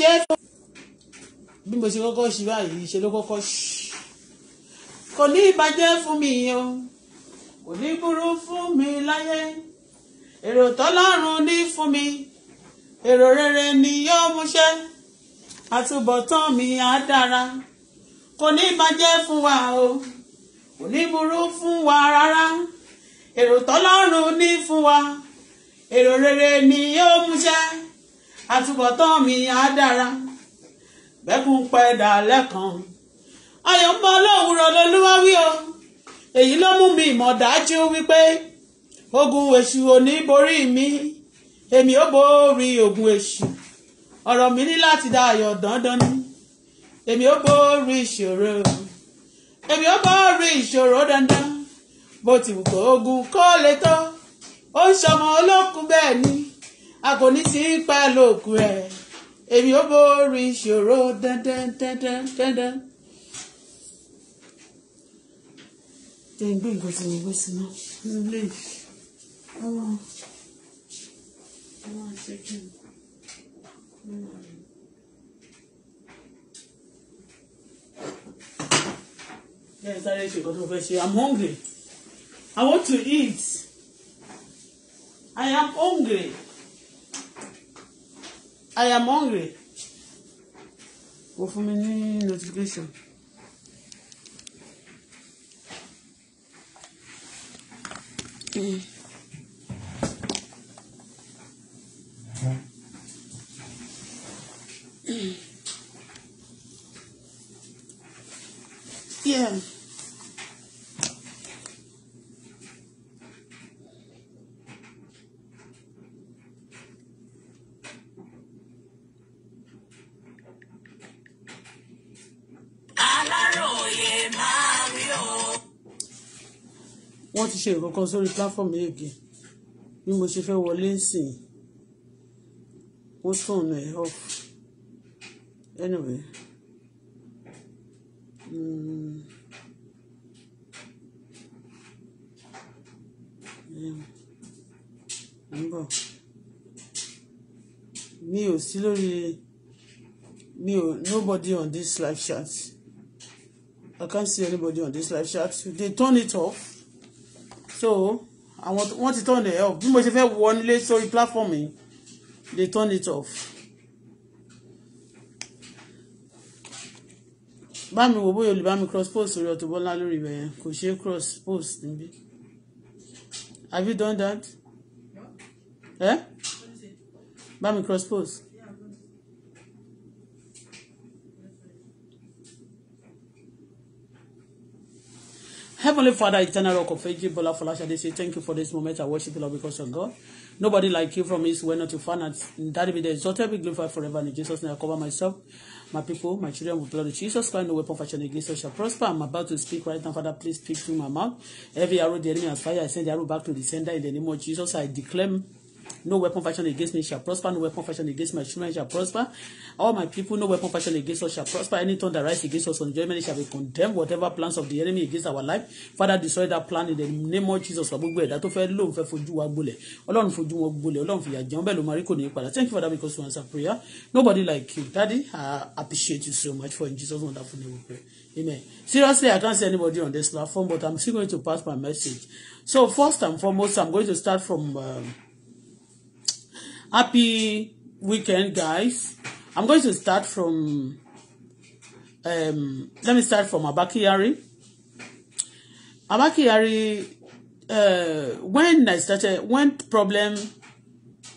jẹ́ bí mo ṣe kọ́kọ́ ṣe báyìí ṣe ló kọ́kọ́ ṣì kò ní ìbàjẹ́ fún mi o kò ní burú fún mi láyé èrò tọ́lọ́run ní fún mi èrò rere ni yóò múṣẹ́ àtúbọ̀tán mi á dára kò ní ìbàjẹ́ fún wa o kò ní burú fún wa rárá èrò tọ́lọ́run ní fún wa èrò rere ni yóò múṣẹ́ àtúbọ̀tán mi á dára bẹ́kùn pẹ̀dà lẹ́kan ayọ̀ ń bọ́ lówùrọ̀ lolúwa wí o èyí ló mú mi ìmọ̀ dájú wípé ogun èṣù ò ní borí mi èmi ò borí ogun èṣù ọ̀rọ̀ mi ní láti dá ayọ̀ dandan ni èmi ò borí ìṣòro èmi ò borí ìṣòro dandan bó ti wù kó ogun kó lè tó ó ń ṣọmọ olókùn bẹ́ẹ̀ ni a kò ní sí pa lóòkù ẹ̀ èmi ó borí ìṣòro dandan dandan dandan. jẹ́ ìgbé ìgò tí mo gbé sínú nílé ọmọ ọmọ ṣẹ́jú ọmọ rẹ̀. Yes, I like controversy. I'm hungry. I want to eat. I am hungry. I am hungry. Kò fún mi ní notification. Yeah. aláròye máa wí o. wọ́n ti ṣe nǹkan kan sórí platform yìí again bí mo ṣe fẹ́ wọlé nsìn ó tún ọ̀nà ẹ̀ off anyway. Mm. bọ̀ mi ò sí lórí mi ò nobody on this live chat I can't see anybody on this live chat they turn it off so I want want to turn it off bí of ṣe one wọ nílé sórí platform yìí they turn it off. bá mi wò bóyá olùbá mi cross post orí Auto Bola lórí ibẹ̀ yẹn kò ṣeé cross post níbí have you done that? No. Eh? bá mi cross post. Heavenly Father, eternal rock of ages, Bola Falasha, they say, Thank you for this moment. I worship you, Lord, because of God. Nobody like you from East, where not to find. Daddy be the exalted, be glorified forever. And in Jesus' name, I cover myself, my people, my children with blood of Jesus Christ. No weapon fashioned against us shall prosper. I'm about to speak right now, Father. Please speak through my mouth. Every arrow the enemy has fired, I send the arrow back to the sender in the name of Jesus. I declare No weapon fashioned against me shall prosper. No weapon fashioned against my children shall prosper. All my people, no weapon fashioned against us shall prosper. Any tongue that rises against us on judgment shall be condemned. Whatever plans of the enemy against our life, Father, destroy that plan in the name of Jesus. Gbogbo ẹ̀dá tó fẹ́ lóun fẹ́ fojú wa gbolẹ̀. Ọlọ́run fojú wọn gbolẹ̀. Ọlọ́run fìyà jẹun bẹ́ẹ̀ ló máa rí kò ní padà. Thank you for that because you answer prayer. Nobody like you. Daddy, I appreciate you so much for in Jesus' wonderful name we pray. Amen. Seriously, I can't see anybody on this platform, but I'm still going to pass my message. So first and foremost, I'm going to start from... Um, happy weekend guys i'm going to start from um let me start from abakiyari abakiyari uh when i started when problem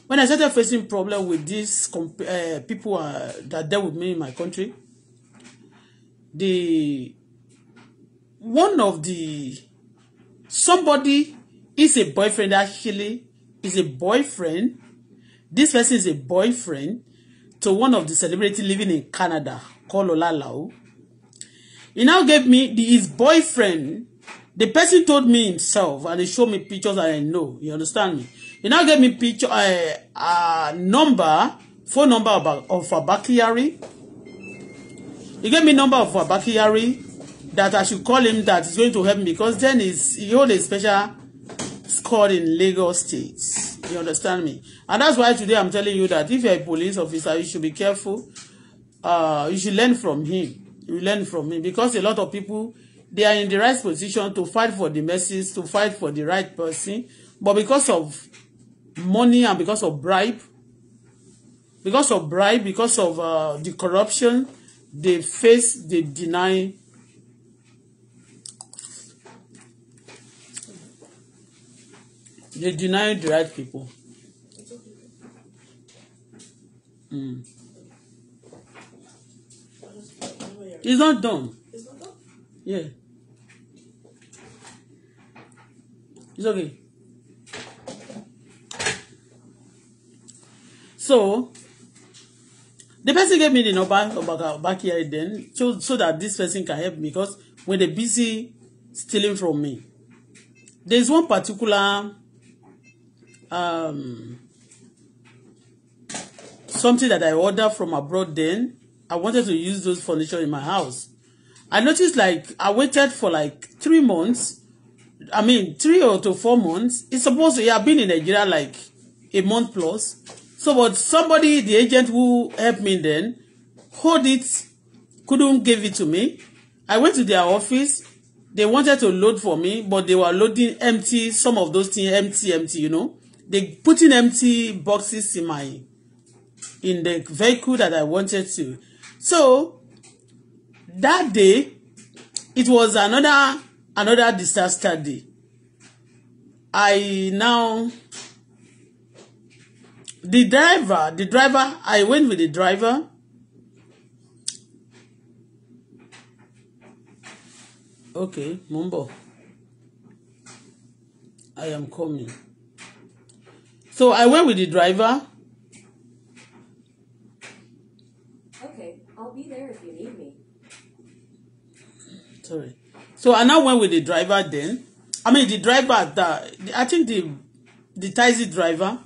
when i started facing problem with this comp uh, people uh, that dealt with me in my country the one of the somebody is a boyfriend actually is a boyfriend This person is a boyfriend to one of the celebrity living in Canada called Olalau. He now gave me the, his boyfriend. The person told me himself and he showed me pictures and I know. You understand me? He now gave me picture a uh, uh, number, phone number of, of Abakiyari. He gave me number of Abakiyari that I should call him that is going to help me because then he's, he hold a special score in Lagos State. You understand me? And that's why today I'm telling you that if you're a police officer, you should be careful. Uh, you should learn from him. You learn from him because a lot of people they are in the right position to fight for the message, to fight for the right person, but because of money and because of bribe, because of bribe, because of uh, the corruption, they face, the deny They deny the right people. Mm. It's not done. It's not done? Yeah. It's okay. So, the person gave me the number back, back here then so, so that this person can help me because when they're busy stealing from me. There's one particular um, something that I ordered from abroad then. I wanted to use those furniture in my house. I noticed like I waited for like three months. I mean three or to four months. It's supposed to yeah, been in Nigeria like a month plus. So but somebody, the agent who helped me then, hold it, couldn't give it to me. I went to their office. They wanted to load for me, but they were loading empty, some of those things empty, empty, you know they putting empty boxes in my in the vehicle that I wanted to. So that day, it was another another disaster day. I now the driver, the driver, I went with the driver. Okay, Mumbo. I am coming. So I went with the driver. Okay, I'll be there if you need me. Sorry. So I now went with the driver then. I mean the driver that I think the the taxi driver.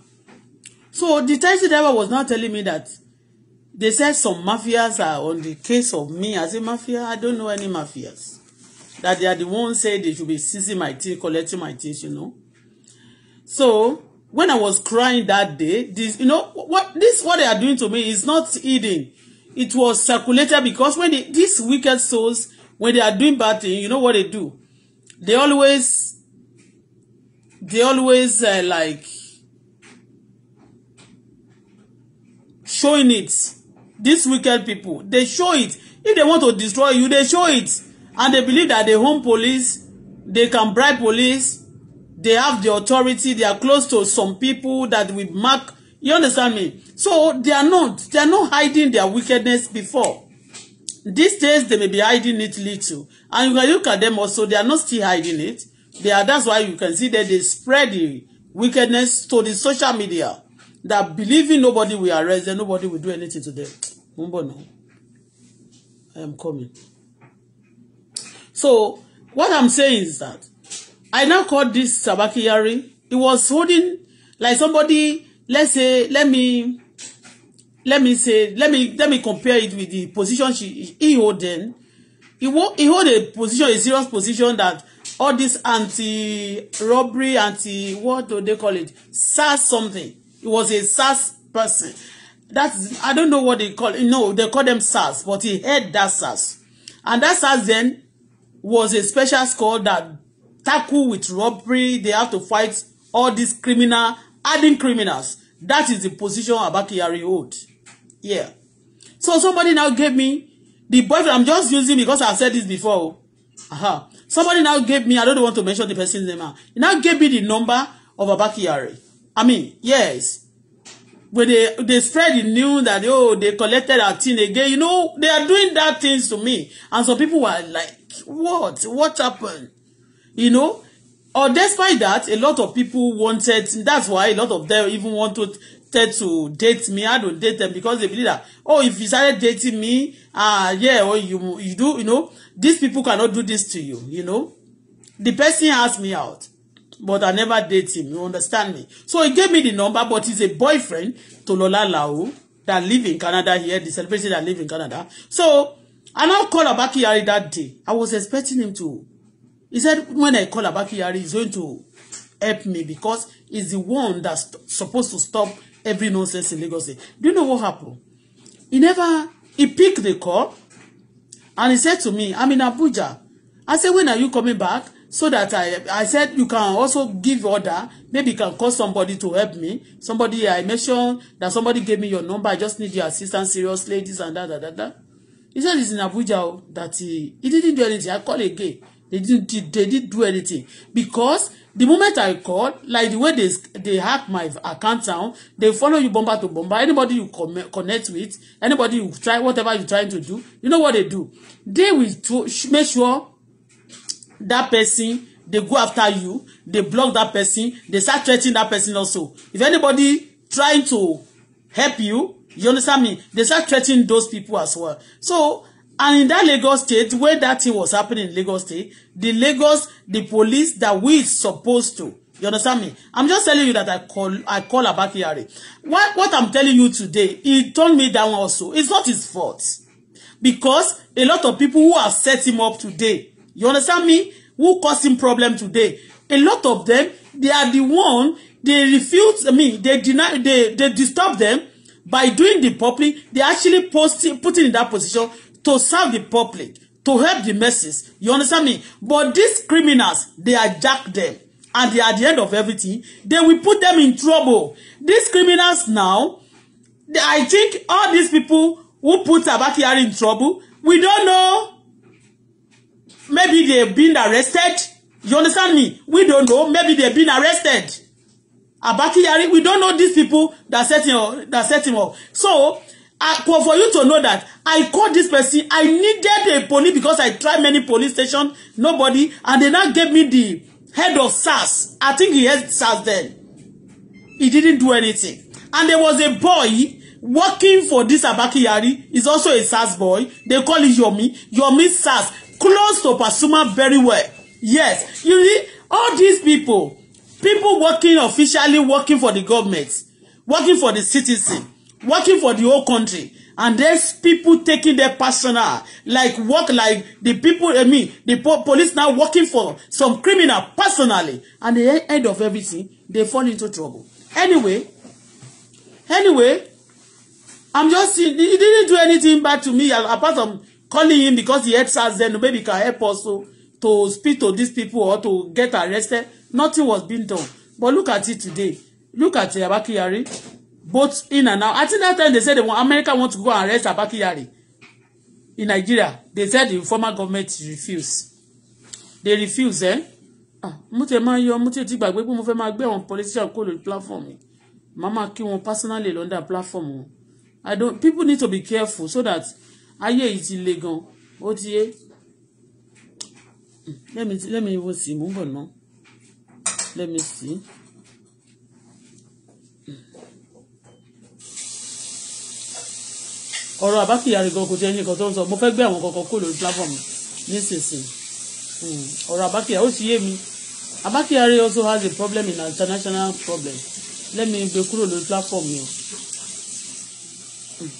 So the taxi driver was now telling me that they said some mafias are on the case of me as a mafia. I don't know any mafias. That they are the ones say they should be seizing my things, collecting my things, you know. So when I was crying that day, this you know what this what they are doing to me is not eating. It was circulated because when they, these wicked souls, when they are doing bad thing, you know what they do? They always, they always uh, like showing it. These wicked people, they show it. If they want to destroy you, they show it, and they believe that the home police, they can bribe police they have the authority they are close to some people that will mark you understand me so they are not they are not hiding their wickedness before these days they may be hiding it little and you can look at them also they are not still hiding it they are that's why you can see that they spread the wickedness to the social media that believing nobody will arrest them nobody will do anything to them mumbo no I am coming so what I'm saying is that I now call this Sabakiyari. He was holding like somebody, let's say, let me let me say, let me let me compare it with the position she he hold then. He, he hold a position, a serious position that all this anti-robbery, anti what do they call it? SARS something. He was a SARS person. That's I don't know what they call it. No, they call them SARS, but he had that SARS. And that SARS then was a special squad that tackle with robbery they have to fight all these criminal adding criminals that is the position Abakari hold yeah so somebody now gave me the boyfriend I'm just using because I've said this before uh-huh. somebody now gave me I don't want to mention the person's name he now gave me the number of Abakari I mean yes when they they spread the news that oh they collected our thing again you know they are doing that things to me and some people were like what what happened you know or despite that a lot of people wanted that's why a lot of them even want to wanted to date me i don't date them because they believe that oh if you started dating me ah uh, yeah or oh, you you do you know these people cannot do this to you you know the person asked me out but i never date him you understand me so he gave me the number but he's a boyfriend to Lola Lao that live in Canada here the celebrity that live in Canada so i now call Abba Kyari that day i was expecting him to He said, when I call Abakiyari, he's going to help me because he's the one that's supposed to stop every nonsense in Lagos State. Do you know what happened? He never, he picked the call and he said to me, I'm in Abuja. I said, when are you coming back? So that I, I said, you can also give order. Maybe you can call somebody to help me. Somebody, I mentioned that somebody gave me your number. I just need your assistance serious ladies and da da da da. He said, he's in Abuja Oh, that he, he didn't do anything. I call again. They didn't they didn't do anything because the moment I call, like the way they they hack my account down, they follow you bumper to bumper. Anybody you connect with, anybody you try, whatever you trying to do, you know what they do? They will make sure that person they go after you, they block that person, they start threatening that person also. If anybody trying to help you, you understand me? They start threatening those people as well. So And in that Lagos state, where that thing was happening in Lagos state, the Lagos, the police that we supposed to, you understand me? I'm just telling you that I call I call Abakari. What what I'm telling you today, he told me that one also. It's not his fault. Because a lot of people who have set him up today, you understand me? Who him problem today? A lot of them, they are the one they refuse. I mean, they deny, they they disturb them by doing the public. They actually post putting in that position to serve the public, to help the masses. You understand me? But these criminals, they are jack them. And they are at the end of everything. They will put them in trouble. These criminals now, they, I think all these people who put Abakari in trouble, we don't know. Maybe they've been arrested. You understand me? We don't know. Maybe they've been arrested. Abakari, we don't know these people that set him up. That set him up. So, I, for you to know that I called this person, I needed a police because I tried many police station, nobody, and they now gave me the head of SARS. I think he had SARS then. He didn't do anything. And there was a boy working for this Abakiyari. He's also a SARS boy. They call him Yomi. Yomi SARS. Close to Pasuma very well. Yes. You see, all these people, people working officially, working for the government, working for the citizen working for the whole country and there's people taking their personal like work like the people I mean the po police now working for some criminal personally and the end of everything they fall into trouble anyway anyway I'm just he didn't do anything bad to me apart from calling him because he helps us then maybe he can help us to, to speak to these people or to get arrested nothing was being done but look at it today look at Abba Kyari both in and out. I think that time they said they want, America want to go and arrest Abba Kyari in Nigeria. They said the former government refuse. They refuse, eh? Ah, mo tẹ máa yọ mo tẹ ti gbàgbé politician kó lórí platform mi màá máa kí wọn personally lọ́ndà platform I don't people need to be careful so that ayé yìí illegal? le gan ó hmm, let me let me wo sí mú bọ̀ let me see. ọ̀rọ̀ àbákìyà rẹ̀ gan kò tiẹ̀ nìkan tó ń sọ mo fẹ́ gbé àwọn kankan kó lórí platform nísinsìnyí hmm, ọ̀rọ̀ àbákìyà ó sì yé mi àbákìyà rẹ̀ also has a problem in international problem lẹ́mi gbé kúrò lórí platform yẹn. Hmm.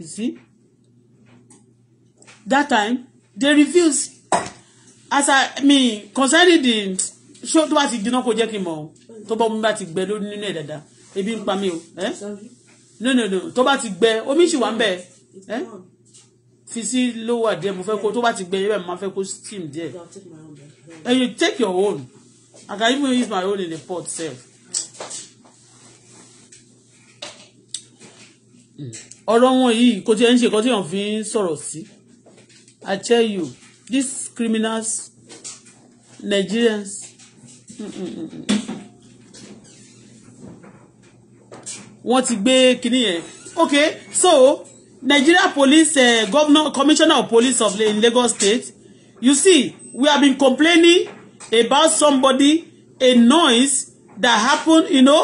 You see? That time, they refused. As I mean, concerning the ṣé tó bá ti jiná kó jẹ́ kí n mọ̀ o tó bọ́ mi bá ti gbẹ lórí nínú ẹ̀ dáadáa ebi ń pa mí o ẹ́ no no no tó bá ti gbẹ omi ṣì wà ń bẹ ẹ́ fi sí lówó àdìẹ mo fẹ́ kó tó bá ti gbẹ yẹ́ bẹ́ẹ̀ mo máa fẹ́ kó steam díẹ̀ and you take your own I can even use my own in the pot sef. ọ̀rọ̀ wọn yìí kò tiẹ̀ ń ṣe nǹkan tí wọ́n fi ń sọ̀rọ̀ sí I tell you these criminals Nigerians wọ́n ti gbé kinní yẹn okay so Nigeria police uh, governor commissioner of police of in Lagos state you see we have been complaining about somebody a noise that happen you know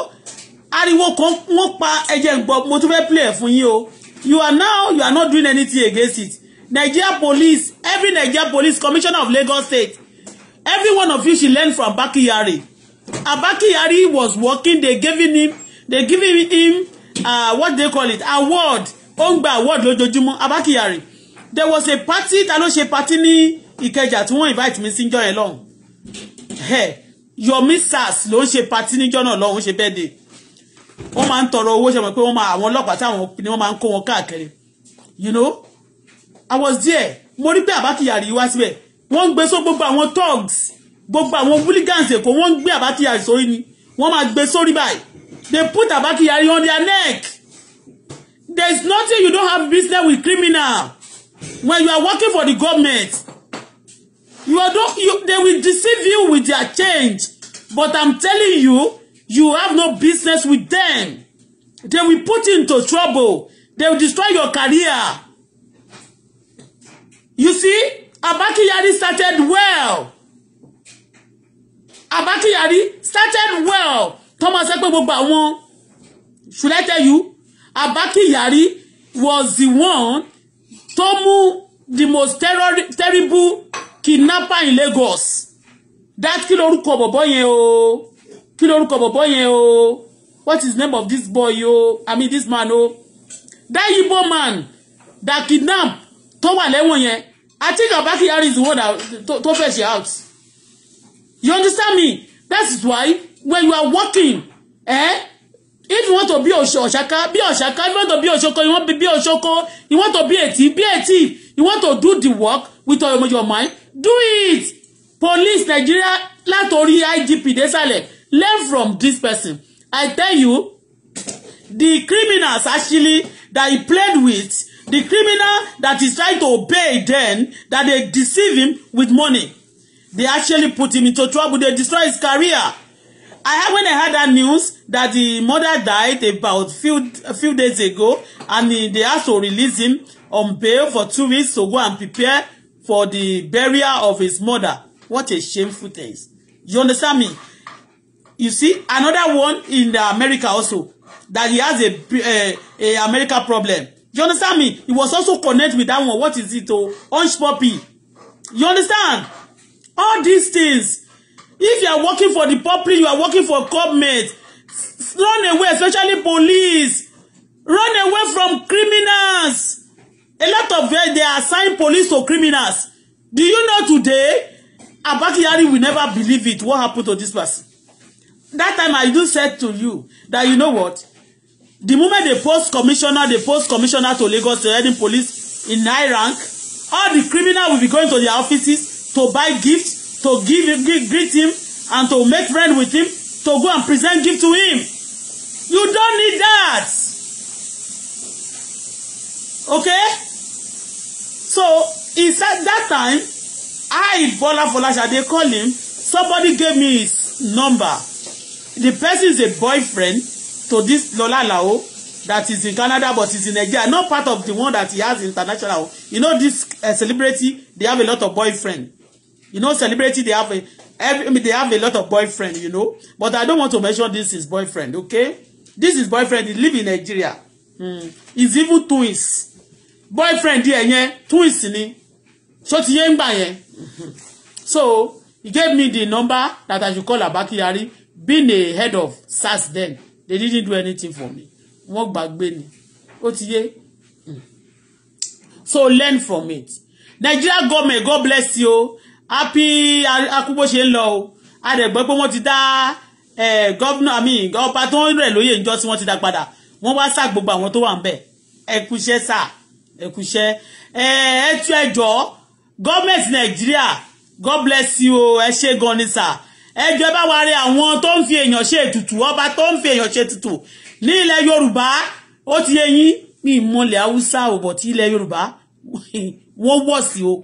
ariwo kan wọ́n pa ẹjẹ gbọ mo tún fẹ́ play ẹ fún yín o you are now you are not doing anything against it Nigeria police every Nigeria police commissioner of Lagos state Every one of you should learn from Abakiyari. Abakiyari was working, they giving him, they giving him uh, what they call it, award. Ó ń gba award lójoojúmọ́, Abakiyari. There was a party, ta ló ṣe party ní Ìkẹjà tí wọ́n invite me. sí níjọ́ yẹn lọ́hùn. Yomi Sars. ló ń ṣe party níjọ́ náà lọ́hùn, ó ṣe birthday. Wọ́n máa ń tọrọ owó ṣe mọ̀ pé wọ́n máa àwọn ọlọ́pàá táwọn ni wọ́n máa ń kó wọn káàkiri. You know, I was there. Mo rí pé Abakiyari wá síbẹ̀ wọ́n ń gbé só gbogbo àwọn thugs gbogbo àwọn hooligans èkó wọ́n ń gbé àbákíyà sórí ni wọ́n máa gbé sórí báyìí they put àbákíyà on their neck there is nothing you don't have business with criminal when you are working for the government you are don't you they will deceive you with their change but i'm telling you you have no business with them they will put you into trouble they will destroy your career you see Abakiyari started well. Abakiyari started well. Tọ́mọ sẹ́ pé gbogbo àwọn should I tell you Abakiyari was the one tó mú the most terrible kidnapper in Lagos. That kí lorúkọ bọ̀bọ̀ yẹn o kí lorúkọ bọ̀bọ̀ yẹn o what is name of this boy o I mean this man o that Igbo man that kidnap tó wà lẹ́wọ̀n yẹn I think Abakiyari is the one that to, to fetch you out. You understand me? That's why when you are working, eh? If you want to be Oshaka, be Oshaka. If you want to be Oshoko, you want to be Oshoko. You want to be a thief, be a thief. You want to do the work with all your mind, do it. Police Nigeria, látorí IGP Desale, learn from this person. I tell you, the criminals actually that he played with The criminal that is trying to obey then that they deceive him with money. They actually put him into trouble. They destroy his career. I had when I had that news that the mother died about few a few days ago, and they asked to release him on bail for two weeks to go and prepare for the burial of his mother. What a shameful thing! You understand me? You see another one in America also that he has a, a, a America problem. You understand me? He was also connect with that one. What is it? Oh, Orange Poppy. You understand? All these things. If you are working for the public, you are working for government. Run away, especially police. Run away from criminals. A lot of them, they assign police to criminals. Do you know today, Abakiyari will never believe it. What happened to this person? That time I do said to you that you know what? the moment they post commissioner they post commissioner to Lagos to heading police in high rank all the criminal will be going to their offices to buy gifts to give, give greet him and to make friend with him to go and present gift to him you don't need that okay so inside that time I Bola they call him somebody gave me his number the person is a boyfriend to this Lola Lao that is in Canada but is in Nigeria not part of the one that he has international you know this uh, celebrity they have a lot of boyfriend you know celebrity they have a every, I mean, they have a lot of boyfriend you know but I don't want to mention this is boyfriend okay this is boyfriend he live in Nigeria mm. he's even twins boyfriend there yẹn twins ni so ti yẹn gbà yẹn so he gave me the number that I should call Abba being a head of SARS then they didn't do anything for me wọ́n gbàgbé ni ó ti yé hmm. so learn from it Nigeria government God bless you happy akúbó ṣe ń lọ o a dẹ̀ gbọ́ pé wọ́n ti dá eh, gọ́vnà àmì ọba tó ń rẹ̀ lóyè ìjọ tí wọ́n ti dá padà wọ́n wá sá gbogbo àwọn tó wà ń bẹ̀ ẹkúṣẹ́ sà ẹkúṣẹ́ eh, ẹtú ẹjọ́ gọ́ọ̀mẹ̀ntì Nàìjíríà God bless you ẹ ṣé gan ni sà ẹjọ́ bá wa rẹ àwọn tó ń fi èèyàn ṣe ètùtù ọba tó ń fi èèyàn ṣe ètùtù ní ilẹ̀ yorùbá ó ti yé ní ìmọ̀lẹ̀ haúsá ò tí ilẹ̀ yorùbá wọ́n wọ̀ sí o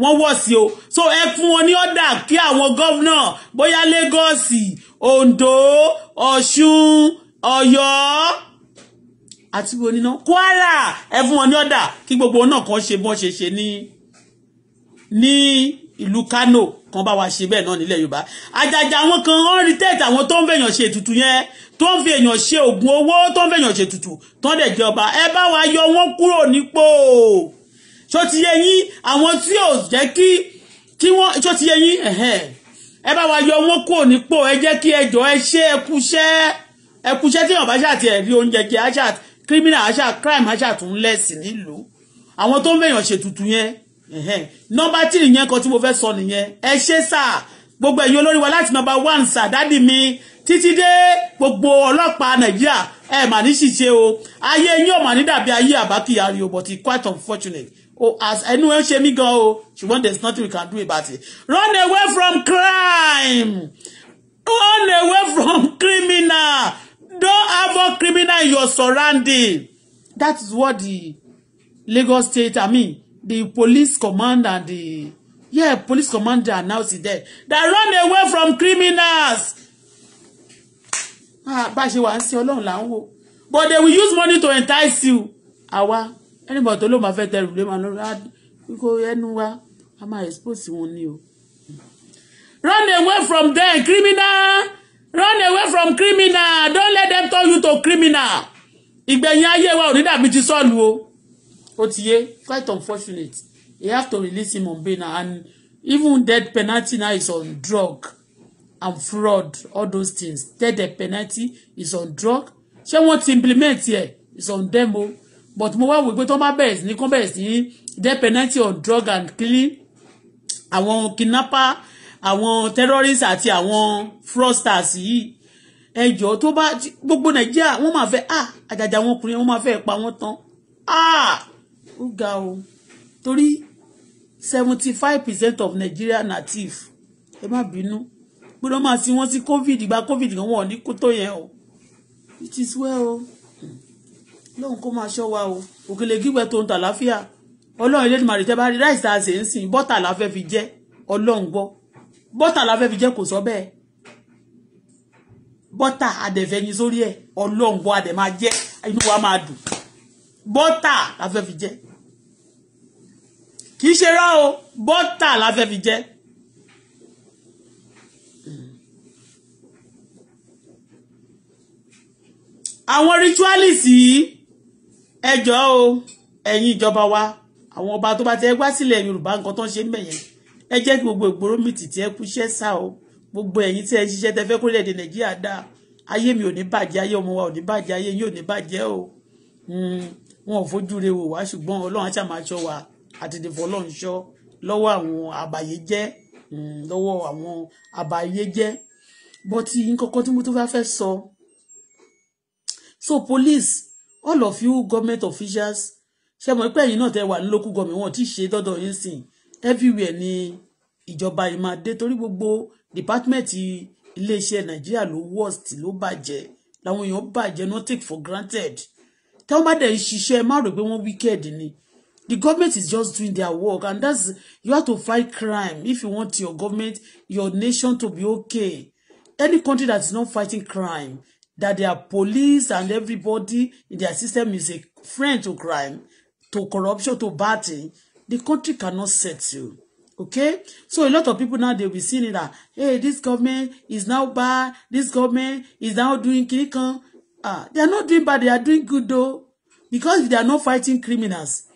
wọ́n wọ̀ sí o so ẹ fún wọn ní ọ̀dà kí àwọn gọ́vnà bóyá lẹ́gọ́ọ̀sì oǹdó ọ̀ṣun ọ̀yọ́ àti oníná kwara ẹ fún wọn ní ọ̀dà kí gbogbo náà kan ṣe bọ́n ṣe ṣe ní ní ìlú Kano kan bá wa ṣe bẹ́ẹ̀ náà nílẹ̀ Yorùbá àjàjà àwọn kan wọ́n rí tẹ́ẹ̀tì àwọn tó ń fẹ̀yàn ṣe ètùtù yẹn tó ń fi èèyàn ṣe oògùn owó tó ń fẹ̀yàn ṣe ètùtù tó ń dẹ̀ jẹ ọba ẹ bá wa yọ wọ́n kúrò nípò ṣó ti yẹ yín àwọn tí ò jẹ́ kí kí wọ́n ṣó ẹ bá wa yọ wọ́n kúrò nípò ẹ jẹ́ kí ẹ ẹ ṣe ẹkúṣẹ́ ẹkúṣẹ́ tí Yorùbá ṣàti ẹ̀rí oúnjẹ kí àṣà criminal àṣà crime àṣà tún lẹ̀sìn nílùú àwọn tó ń fẹ̀yàn ṣètùtù yẹn nọmba tírì yẹn kan tí mo fẹ́ sọ nìyẹn ẹ ṣe sà gbogbo ẹ̀yin olórí wa láti nọmba one sà dádì mi títí dé gbogbo ọlọ́pàá nàìjíríà ẹ mà ní ṣìṣe o ayé yín ò mà ní dàbí ayé àbákíyà rí o but it's quite unfortunate Oh, as ẹnu ẹ ṣe mí gan o ṣùgbọ́n there is nothing we can do about it run away from crime run away from criminal don't have more criminal in your surrounding that is what the Lagos state i mean the police commander, and the yeah police commander announce it there They run away from criminals ah bá a ṣe wà ń sin but they will use money to entice you àwa anybody tó ló máa fẹ́ tẹrù lé máa lọ́ra kó ẹnu wa a máa expose wọn ni o run away from them criminal run away from criminal don't let them turn you to criminal ìgbẹ̀yìn ayé wa ò ní dàbí ti sọ́ọ̀lù o ó ti quite unfortunate they have to release him on bail and even death penalty now is on drug and fraud all those things death penalty is on drug ṣé wọ́n ti implement ẹ̀ is on them o oh. but mo wá wò pé tó bá bẹ̀rẹ̀ sí ní kó bẹ̀rẹ̀ sí ní death penalty on drug and killing àwọn kidnapper àwọn terrorists àti àwọn fraudsters yìí ẹjọ tó bá gbogbo nàìjíríà wọ́n máa fẹ́ ah, àjàjà wọn ọkùnrin wọ́n máa fẹ́ pa wọ́n tán. Ah! ó ga o torí seventy five percent of Nigeria native ẹ má bínú gbọ́dọ̀ máa sin wọ́n sí covid gba covid gan wọ́n ní kó tó yẹn o it is well o lóhun kó máa ṣọ́ wa o òkèlè gígbẹ́ tó ń tà láfíà ọlọ́run ilé ìmọ̀ àrètẹ́ bá rí ráìsì tá a ṣe ń sìn bọ́tà la fẹ́ fi jẹ ọlọ́run gbọ́ bọ́tà la fẹ́ fi jẹ kò sọ bẹ́ẹ̀ bọ́tà adẹ̀fẹ́yin sórí ẹ̀ ọlọ́run gbọ́ adẹ̀ máa jẹ inú wa máa dùn bọ́tà la fi jẹ kì í ṣe rá o bọ́tà la fẹ́ fi jẹ́. àwọn ritualist yìí ẹjọ́ o ẹ̀yin ìjọba wa àwọn ọba tó bá ti ẹ wá sílẹ̀ Yorùbá nǹkan tó ń ṣe mẹ̀yẹn ẹ jẹ́ kí gbogbo ìgboro mi tìtì ẹ kúṣẹ́ sá o gbogbo ẹ̀yin tí ẹ ṣiṣẹ́ tẹ fẹ́ kórìlẹ̀ èdè Nàìjíríà dáa ayé mi ò ní bàjẹ́ ayé ọmọ wa ò ní bàjẹ́ ayé yín ò ní bàjẹ́ o hmm, wọn ò fojú re wá ṣùgbọ́n Ọlọ́run á ṣàmàṣọ wa àtètè fọlọ́nṣọ́ lọ́wọ́ àwọn àbàyéjẹ́ mm, lọ́wọ́ àwọn àbàyéjẹ́ bọ́tí nkankan tí mo tó bá fẹ́ sọ so police all of you government officials ṣe mọ̀ pé ẹ̀yin náà tẹ wà ní local government wọn ti ṣe dọ́dọ̀ yín sìn everywhere ni ìjọba yìí máa dé torí gbogbo department iléeṣẹ́ nàìjíríà ló worst ló bàjẹ́ làwọn èèyàn bàjẹ́ no take for granted tí wọ́n bá dẹ̀ ń ṣiṣẹ́ má rò pé wọ́n wicked ni The government is just doing their work, and that's you have to fight crime if you want your government, your nation to be okay. Any country that is not fighting crime, that their police and everybody in their system is a friend to crime, to corruption, to bad the country cannot set you. Okay? So a lot of people now they'll be seeing that, hey, this government is now bad, this government is now doing kirikan. Ah, they are not doing bad, they are doing good though. Because they are not fighting criminals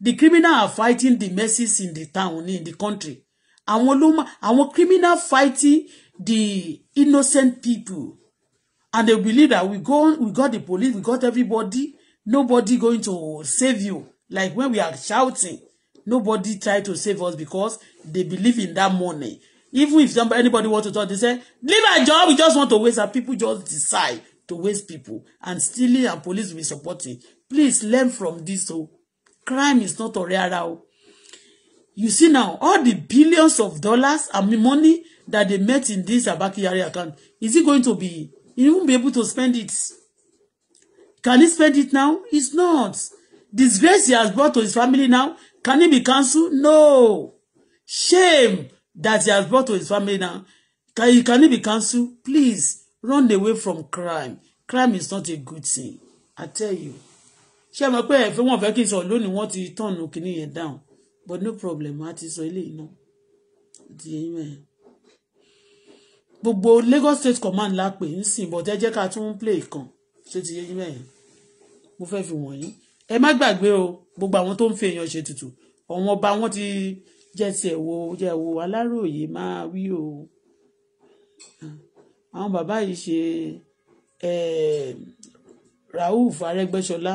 the criminal are fighting the messes in the town in the country àwọn ló ma àwọn criminal fighting the innocent people and they believe that we go we got the police we got everybody nobody going to save you like when we are shouting nobody try to save us because they believe in that money even if somebody anybody want to talk they say leave our job we just want to waste our people just decide to waste people and stealing and police will be supporting please learn from this o. So crime is not ọ̀rẹ́ ara o you see now all the billions of dollars and money that they met in this Abakiyari account is it going to be he won't be able to spend it can he spend it now it's not disgrace he has brought to his family now can he be cancelled no shame that he has brought to his family now can he can he be cancelled please run away from crime crime is not a good thing i tell you ṣé ẹ mọ̀ pé ẹ̀fẹ́ wọn fẹ́ kí n sọ lónìí wọ́n ti tọ̀nù kínní yẹn down but no problem a ti sọ eléyìí náà ti yẹn mẹ́rin gbogbo Lagos State Command la pè ń sìn bọ̀ tẹ́jẹ́ ká tún play kan ṣé ti yẹn mẹ́rin mo fẹ́ fi wọ̀nyí ẹ má gbàgbé o gbogbo àwọn tó ń fi èèyàn ṣe tutù ọ̀wọ́n ọba wọn ti jẹ́ tiẹ̀ wo jẹ́ wo aláròye máa wí o àwọn bàbá yìí ṣe eh, Rauf Arẹ́gbẹ́ṣọlá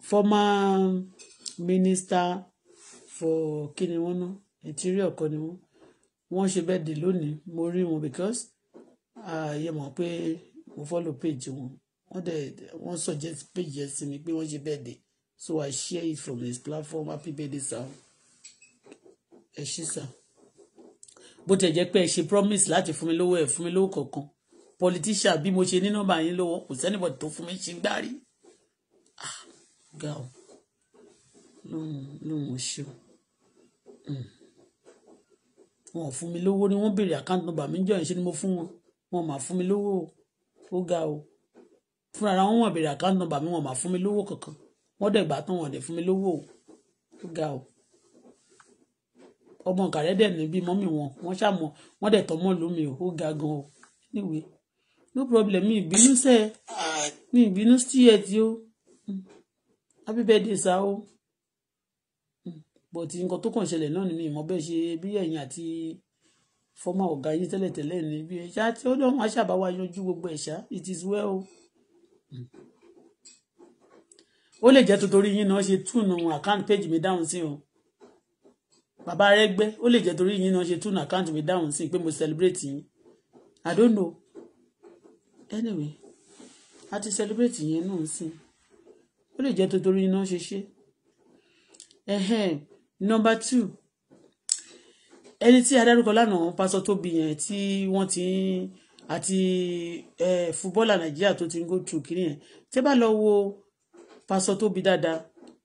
former minister for kí ni wọ́n interior kan ni wọ́n wọ́n ṣe bẹ́ẹ̀ dé lónìí mo rí wọn because ààyè mọ̀ pé mo follow page wọn wọ́n dẹ̀ wọ́n suggest page yẹn sí mi pé wọ́n ṣe bẹ́ẹ̀ dé so I share it from his platform happy birthday sir ẹ ṣí sir bó tẹ̀ jẹ́ pé ẹ ṣe promise láti fún mi lówó ẹ̀ fún mi lówó kọ̀ọ̀kan politician bí mo ṣe ní nọ́mbà yín lọ́wọ́ kò sẹ́nìbọ̀dì tó fún mi ṣe ń gbárí ga ọ lóhun lóhun ṣe o hmm. wọn ò fún mi lówó ni wọ́n béèrè àkáǹtì nọ́mbà mi jọ ìṣe ni mo fún wọn wọn máa fún mi lówó ó ga o fúnra ara wọn wọn béèrè àkáǹtì nọ́mbà mi wọn máa fún mi lówó kankan wọ́n dẹ̀ gbà tán wọn dẹ̀ fún mi lówó ó ga o ọmọ kàrẹ́ dẹ̀ níbí mọ́mì wọn wọ́n ṣàmọ́ wọ́n dẹ̀ tọ́mọ́ lómi o ó ga gan o anyway no problem mi ìbínú sẹ́ẹ̀ mi ìbínú sí ẹ tí ó. Mm happy birthday sá o hmm. bọ̀tí nǹkan tó kàn ṣẹlẹ̀ náà ni mi ìmọ̀ bẹ́ẹ̀ ṣe bí ẹ̀yìn àti fọ́mà ọ̀gá yín tẹ́lẹ̀tẹ́lẹ̀ ní bí ẹ̀ṣá tí ó lọ́mọ aṣàbáwá yanjú gbogbo ẹ̀ṣá it is well. Hmm. ó lè jẹ́ torí yín náà ṣe túnú àkáǹtì péjì mi dáhùn sí o bàbá Arẹ́gbẹ́ ó lè jẹ́ torí yín náà ṣe túnú àkáǹtì mi dáhùn sí pé mo celebrate yín I don't know anyway a ti celebrate yín náà sí i ó lè jẹ́ torí iná ṣe ṣe number two ẹni tí adárúkọ lánàá pásọ tóbi yẹn tí wọ́n ti ń àti fúbọ́ọ̀lù nàìjíríà tó ti ń go through kiri yẹn tẹ́ bá lọ wo pásọ tóbi dáadáa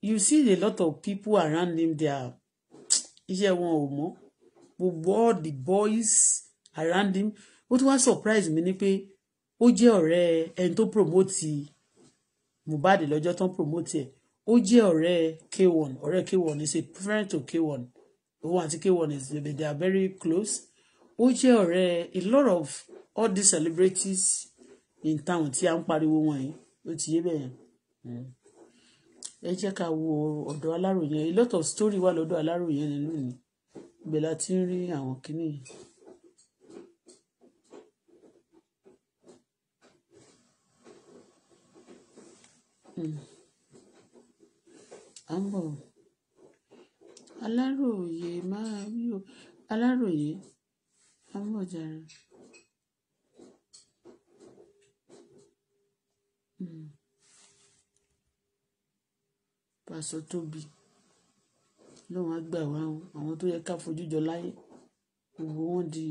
you see a lot of people around him they are iṣẹ́ wọn ò mọ́ gbogbo all the boys around him ó tún wá surprise mi ni pé ó jẹ́ ọ̀rẹ́ ẹni tó promote Mohbad lọ́jọ́ tán promote ẹ̀ ó jẹ́ ọ̀rẹ́ K1 ọ̀rẹ́ K1 is a friend to K1 òun àti K1 is they are very close ó jẹ́ ọ̀rẹ́ a lot of all these celebrities in town tí a ń pariwo wọn yìí ó ti yé bẹ́ẹ̀ hmm. ẹ jẹ́ ká wo ọ̀dọ̀ aláròyìn a lot of story wà lọ́dọ̀ aláròyìn nínú ni ibẹ̀ ń rí àwọn kìnnìyàn. À ń bọ̀. Aláròyé máa wí o. Aláròyé, à ń bọ̀ jàre. Hmm. Pásọ̀ Tóbi. Ọlọ́run á gbà wá o. Àwọn tó yẹ ká fojú jọ láyé. Gbogbo wọn di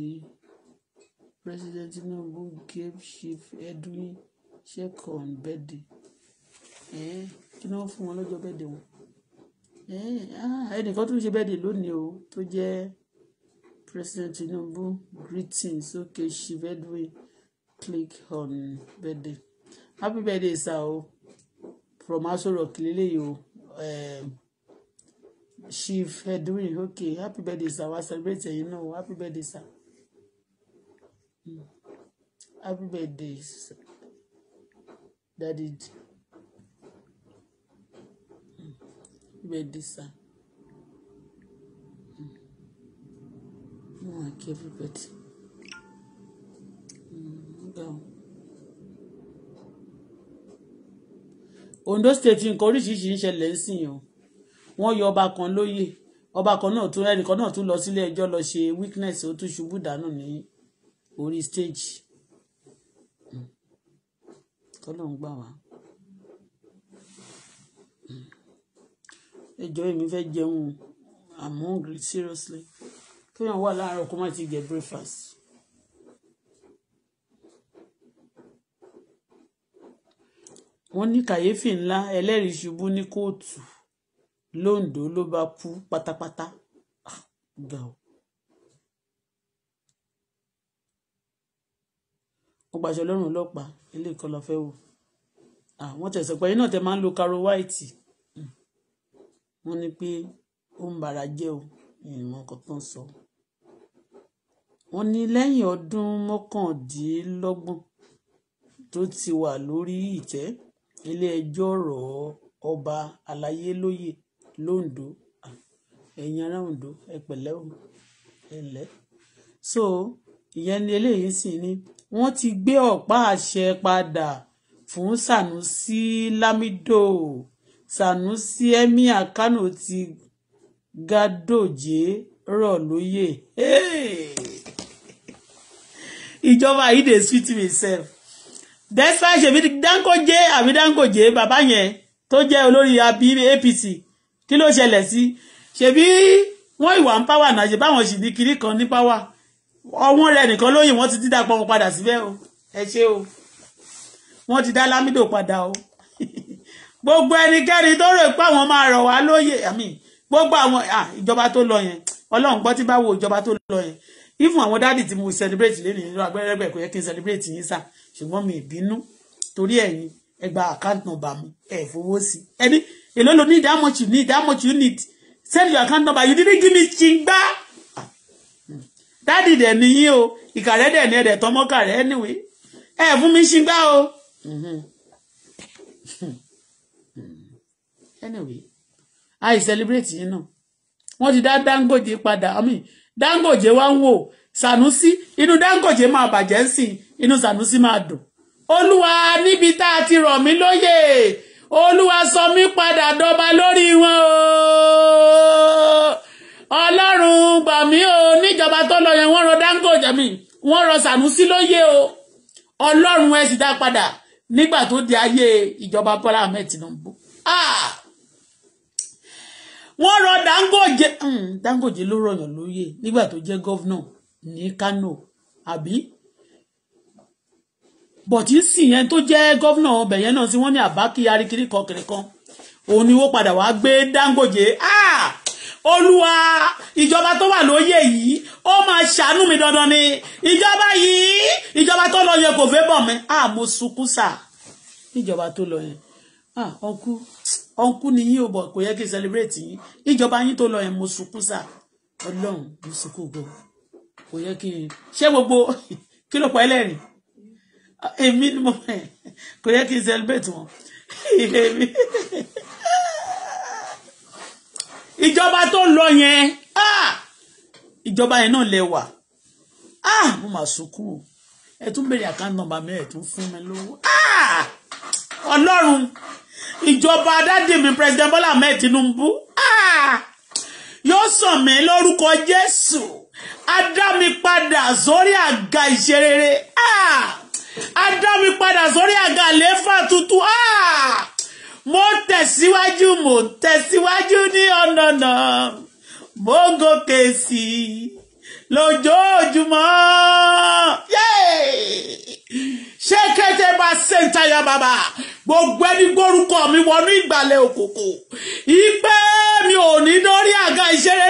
President Tinubu, gave Chief Edwin, Sheikon, birthday ẹ́ eh. kí ni wọ́n fún wọn lọ́jọ́ bẹ́ẹ̀dẹ̀ wọn eh, ah, ẹnìkan tún ṣe bẹ́ẹ̀dẹ̀ lónìí o tó jẹ́ President Tinubu greetings okay Chief Edwin click on birthday happy birthday sir o from Aso Rock lélẹ́yìí o Chief Edwin okay happy birthday sir wa celebrate you know. happy birthday sir hmm. happy birthday daddy. where this are. Mm. No, I give you better. Hmm, Ondo state nǹkan oríṣiríṣi ń ṣẹlẹ̀ ń sìn o wọ́n yọ ọba kan lóyè ọba kan náà tún ẹnìkan náà tún lọ sílé ẹjọ́ lọ ṣe weakness ó tún ṣubú dànù ní orí stage hmm. kọ́lọ́ ń gbà wá. ẹjọ́ èmi fẹ́ jẹun i'm hungry seriously kéèyàn wà láàárọ̀ kó má ti jẹ breakfast. wọ́n ní kàyéfì ńlá ẹlẹ́rìí ṣubú ní kóòtù londo ló bá kú pátápátá ah, ga o. wọ́n gbàṣẹ lọ́rùn ọlọ́pàá ilé ìkọlà fẹ́ wò àwọn ah, tẹ̀sán pẹ̀lú náà tẹ máa ń lo caro white wọ́n ní pé ó ń bara jẹ́ o ìmọ̀ nǹkan tó ń sọ. wọ́n ní lẹ́yìn ọdún mọ́kàndínlọ́gbọ̀n tó ti wà lórí ìtẹ́ ilé-ẹjọ́ rọ̀ ọba alayélóyè londo ẹ̀yin ará Oǹdó ẹ o ẹ so ìyẹn ni eléyìí sì ni wọ́n ti gbé ọ̀pá àṣẹ padà fún Sanusi Lamido sanusi emir kánó ti gádòjé rọ̀ lóyè ìjọba yìí dey sweet me sef despite ṣèbí dáńkọ́jé àbí dáńkọ́jé bàbá yẹn tó jẹ́ olórí àbí APC kí ló ṣẹlẹ̀ sí ṣèbí wọ́n ìwà ń páwà náà ṣe báwọn sì ní kiri kan ní páwà ọwọ́n rẹ̀ nìkan lóyìn wọ́n ti dídà pọ̀ padà síbẹ̀ o ẹ ṣé o wọ́n ti dá lámídò padà o gbogbo ẹnikẹ́ni tó rò pé àwọn máa rọ̀ wá lóyè àmì gbogbo àwọn ìjọba tó lọ yẹn ọlọ́run gbọ́ tí bá wo ìjọba tó lọ yẹn even àwọn dáàdì tí mo celebrate lénìí nínú agbẹ́rẹ́gbẹ́ kò yẹ kí n celebrate yín sá ṣùgbọ́n mi ìbínú torí ẹ̀yin ẹ account number mi ẹ fowó sí ẹni èló lo need how much you need how much you need send your account number you didn't give me chingba dáàdì dẹ̀ nìyí o ìkàrẹ́ dẹ̀ ní ẹ̀dẹ̀ tọmọ́kàrẹ́ anyway ẹ fún mi chingba o. Mm-hmm. anyway i celebrate yẹn náà wọ́n ti dá Dangote padà i mean Dangote wá ń wò Sanusi inú Dangote máa bàjẹ́ sí inú Sanusi máa dùn olúwa níbi tá a ti rọ̀ mí lóyè olúwa sọ mí padà dọba lórí wọn o ọlọ́run gbà mí o níjọba tó lọ yẹn wọ́n rọ Dangote mi wọ́n rọ Sanusi lóyè o ọlọ́run ẹ̀ sì dá padà nígbà tó di ayé ìjọba Bọ́lá Ahmed Tinubu. Ah! wọ́n rọ Dangote hmm, Dangote ló rọyàn lóyè nígbà tó jẹ́ gọ́vnà ní Kano àbí bọ̀tí sì yẹn tó jẹ́ gọ́vnà ọbẹ̀ yẹn náà sí wọ́n ní àbá kí arikiri kan kiri kan òun ni wọ́n padà wá gbé Dangote ah olúwa ìjọba tó wà lóyè yìí ó máa ṣàánú mi dandan ni ìjọba yìí ìjọba tó lọ yẹn kò fẹ́ bọ̀ mí ah mo sunkún sà níjọba tó lọ yẹn ah ọkú ọ̀nkú ni yín ò bọ̀ kò yẹ kí n celebrate yín níjọba yín tó lọ ẹ̀ mo sunkún sà ọlọ́run mo sunkún gbọ́ kò yẹ kí n ṣé gbogbo kí ló pọ̀ ẹlẹ́rìn èmi ni mo fẹ́ kò yẹ kí n celebrate wọn èmi ìjọba tó lọ yẹn ah! ìjọba yẹn náà lẹ wà ah! mo mà sunkún ẹ tún béèrè àkáǹtì nọ́mbà mi fún mi lówó ah! ọlọ́run ìjọba dádìmí president Bọ́lá Ahmed Tinubu ah! yóò sàn mí lórúkọ Jésù á dá mi padà sórí àga ìṣerere á ah! dá mi padà sórí àga àlééfà tuntun ah! mo tẹ̀síwájú mo tẹ̀síwájú ní ọ̀nà náà mo gòkè sí i lójoojúmọ́. Yay! ṣékété bá ṣèǹtayà bàbá gbogbo ẹni gbórúkọ mi wọnú ìgbàlẹ̀ òkòkò ìpè mi ò ní dórí àga ìṣeré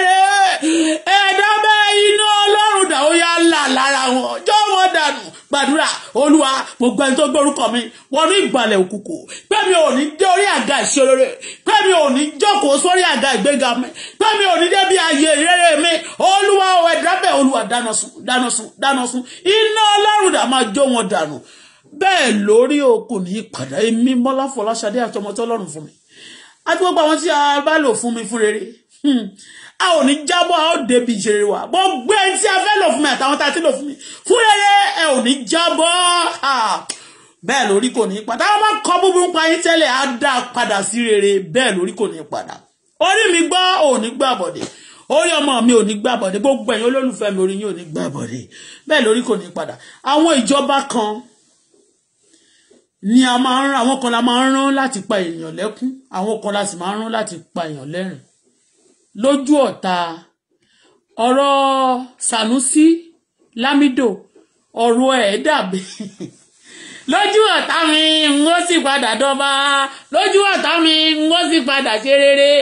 ẹ̀dá bẹ́ẹ̀ iná ọlọ́run dà ó yá là lára wọn ọjọ́ wọn dànù gbàdúrà olúwa gbogbo ẹni tó gbórúkọ mi wọnú ìgbàlẹ̀ òkùnkùn pé mi ò ní dé orí àga ìṣeré pé mi ò ní jókòó sórí àga ìgbéga mi pé mi ò ní débi ààyè rere mi olúwa ò ẹ̀dá bẹ́ẹ̀ olúwa dáná sun dáná sun dáná sun iná ọlọ́run dà máa jó wọn dànù bẹ́ẹ̀ lórí òkun ní ìpàdé èmi mọ́lá fọláṣadé àtọmọtọ́ ọlọ́run fún mi àti gbogbo àwọn tí a bá lò fún mi fún rere hmm a ò ní jábọ́ a ó débi ìṣeré wa gbogbo ẹni tí a fẹ́ lò fún mi àtàwọn tá a ti lò fún mi fún rere ẹ ò ní jábọ́ bẹ́ẹ̀ lórí kò ní padà àwọn máa ń kọ́ búburú pa yín tẹ́lẹ̀ á dá a padà sí rere bẹ́ẹ̀ lórí kò ní padà orí mi gbọ́ ò ní gbà bọ̀dẹ̀ orí ọmọ mi ò ní gbà bọ̀dẹ̀ gbogbo ẹ̀yin olólùfẹ́ mi orí yín ò ní gbà bọ̀dẹ̀ bẹ́ẹ̀ lórí kò ní padà àwọn ìjọba kan ni a máa ń rán àwọn kan la máa ń rán láti pa èèyàn lẹ́kún àwọn kan la sì máa ń rán láti pa èèyàn lẹ́rìn lójú ọ̀tá ọ̀rọ̀ Sanusi Lamido ọ̀rọ̀ ẹ̀ dàbí lójú ọ̀tá mi n ó sì padà dọ́ba lójú ọ̀tá mi n ó sì padà ṣe rere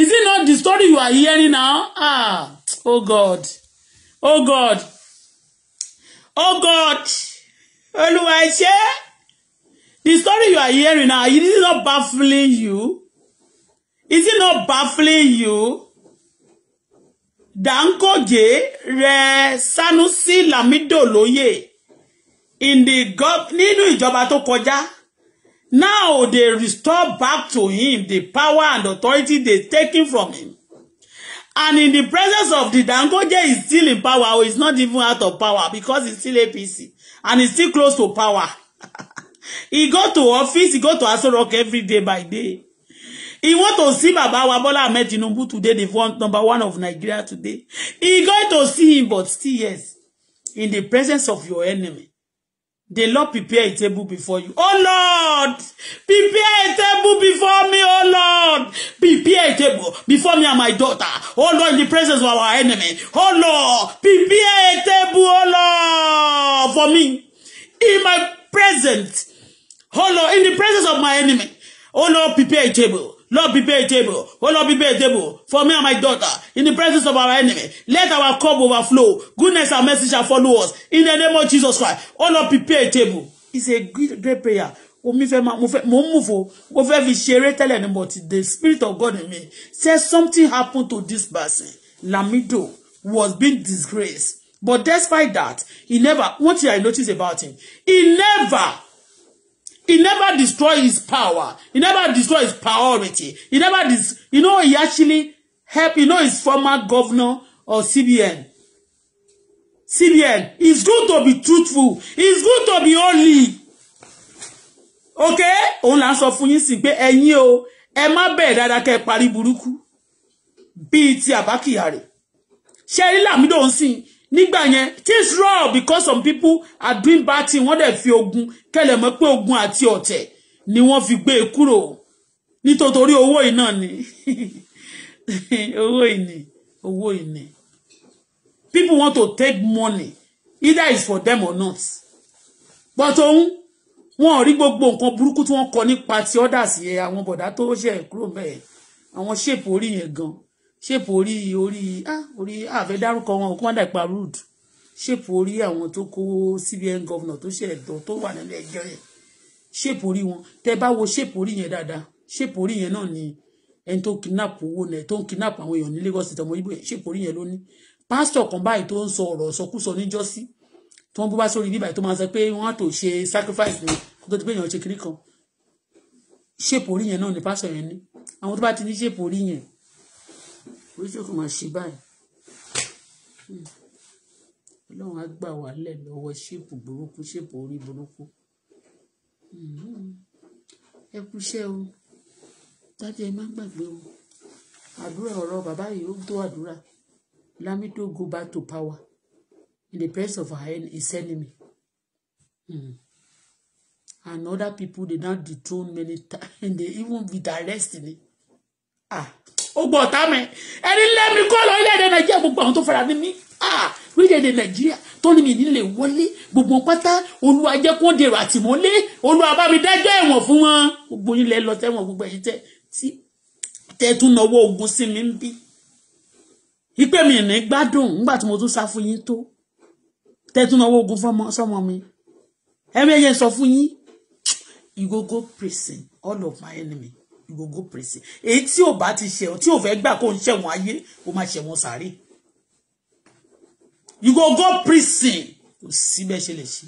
is it not the story you are hearing now ah oh God oh God oh God olùwàṣẹ́ the story you are hearing now is it not baffling you. Is it not baffling you? Dangoje rẹ Sanusi Lamido Loye? in the gov nínú ìjọba tó kọjá. Now they restore back to him the power and authority they taken from him. And in the presence of the Dangoje is still in power or is not even out of power because he's still APC and he's still close to power. he go to office, he go to Aso every day by day. He want to see Baba Wabola Bola Ahmed Tinubu today, the one, number one of Nigeria today. He going to see him, but still, yes, in the presence of your enemy. The Lord prepare a table before you. Oh Lord, prepare a table before me, oh Lord. Prepare a table before me and my daughter. Oh Lord, in the presence of our enemy. Oh Lord, prepare a table, oh Lord, for me. In my presence. Oh Lord, in the presence of my enemy. Oh Lord, prepare a table. Lord, prepare a table. Oh, Lord, prepare a table for me and my daughter in the presence of our enemy. Let our cup overflow. Goodness and mercy shall follow us in the name of Jesus Christ. Oh, Lord, prepare a table. It's a great, great prayer. Omi fẹ́ ma mo fẹ́ move o mo fẹ́ fi ṣeré the spirit of God in me said something happened to this person Lamido was being disgraced but despite that he never What thing I notice about him he never He never destroy his power. He never destroy his priority. He never dis you know he actually help you know his former governor of CBN. CBN, He's good to be truthful. He's good to be holy. Okay? Òun là ń sọ fún yín sí pé ẹ̀yin o, ẹ má bẹ̀ẹ̀ dáadáa kẹ́ ẹ parí burúkú. Bíi ti àbá Kyari. Ṣé rí Làmídò ń sìn? nígbà yẹn things raw because some people are doing bad thing wọ́n dẹ̀ fi ogun kẹlẹ̀ mọ́ pé ogun àti ọ̀tẹ̀ ni wọ́n fi gbé e kúrò nítorí owó iná ni owó ìní owó ìní people want to take money either it's for them or not but òun wọn rí gbogbo nǹkan burúkú tí wọ́n kọ nípa ti ọ́dà sí àwọn bọ̀dá tó ṣe kúrò bẹ́ẹ̀ àwọn ṣèpò orí yẹn gan-an ṣèpù orí orí orí àfẹ́ dárúkọ wọn òkú mọ́dà ìpa rude ṣèpù orí àwọn tó kó CBN governor tó ṣe ẹ̀dọ́ tó wà nínú ẹjọ́ yẹn ṣèpù orí wọn tẹ́ bá wo ṣèpù orí yẹn dáadáa ṣèpù orí yẹn náà ni ẹni tó kidnap owó náà tó ń kidnap àwọn èèyàn ní Lagos ìtàn ọmọ ibo ṣèpù orí yẹn ló ní pásítọ̀ kan báyìí tó ń sọ ọ̀rọ̀ sọkúsọ níjọ́sí tó ń bú bá sórí bíbáyìí tó máa sọ pé wọ́n á tó ṣe sacrifice ni tó ti pé èèyàn ṣe kiri kan ṣèpù orí yẹn náà ni pásítọ̀ yẹn ní àwọn tó bá ti ní ṣèpù orí yẹn ojú kò máa ṣe báyìí hmm. ọlọ́run á gbà wá lẹ̀ lọ́wọ́ ṣépù burúkú ṣépù orí burúkú hmm. ẹ kúṣẹ́ o dájú ẹ má gbàgbé o àdúrà ọ̀rọ̀ bàbá yìí ó tó àdúrà Lamido go back to power in the presence of his enemy mm. and other people dey now dethrone many times and they even be arrested ah ogun ọ̀tá mi ẹni lẹ́mi kọ́ lọ orílẹ̀-èdè nàìjíríà gbogbo àwọn tó fara ní mi ah, orílẹ̀-èdè nàìjíríà tó ní mi nílé wọlé gbogbo pátá olúwa jẹ́ kó dèrò àtìmọ́lé olúwa bá mi dájọ́ ẹ̀wọ̀n fún wọn gbogbo yín lẹ lọ tẹ́wọ̀n gbogbo ẹ̀ṣin tẹ́ tí tẹ́ tún náwó ogun sí mi ń bí ipe mi ní gbádùn nígbà tí mo tún sá fún yín tó tẹ́ tún náwó ogun sọ́mọ mi ẹ̀mí ẹ̀yẹ sọ fún yín you go go prison all of my enemy you go go prison èyí tí ò bá ti ṣe tí ò fẹ́ gbà kó ń ṣẹ̀wọ̀n ayé ó máa ṣẹ̀wọ̀n sàárè you go go prison kò sí bẹ́ẹ̀ ṣe lè ṣe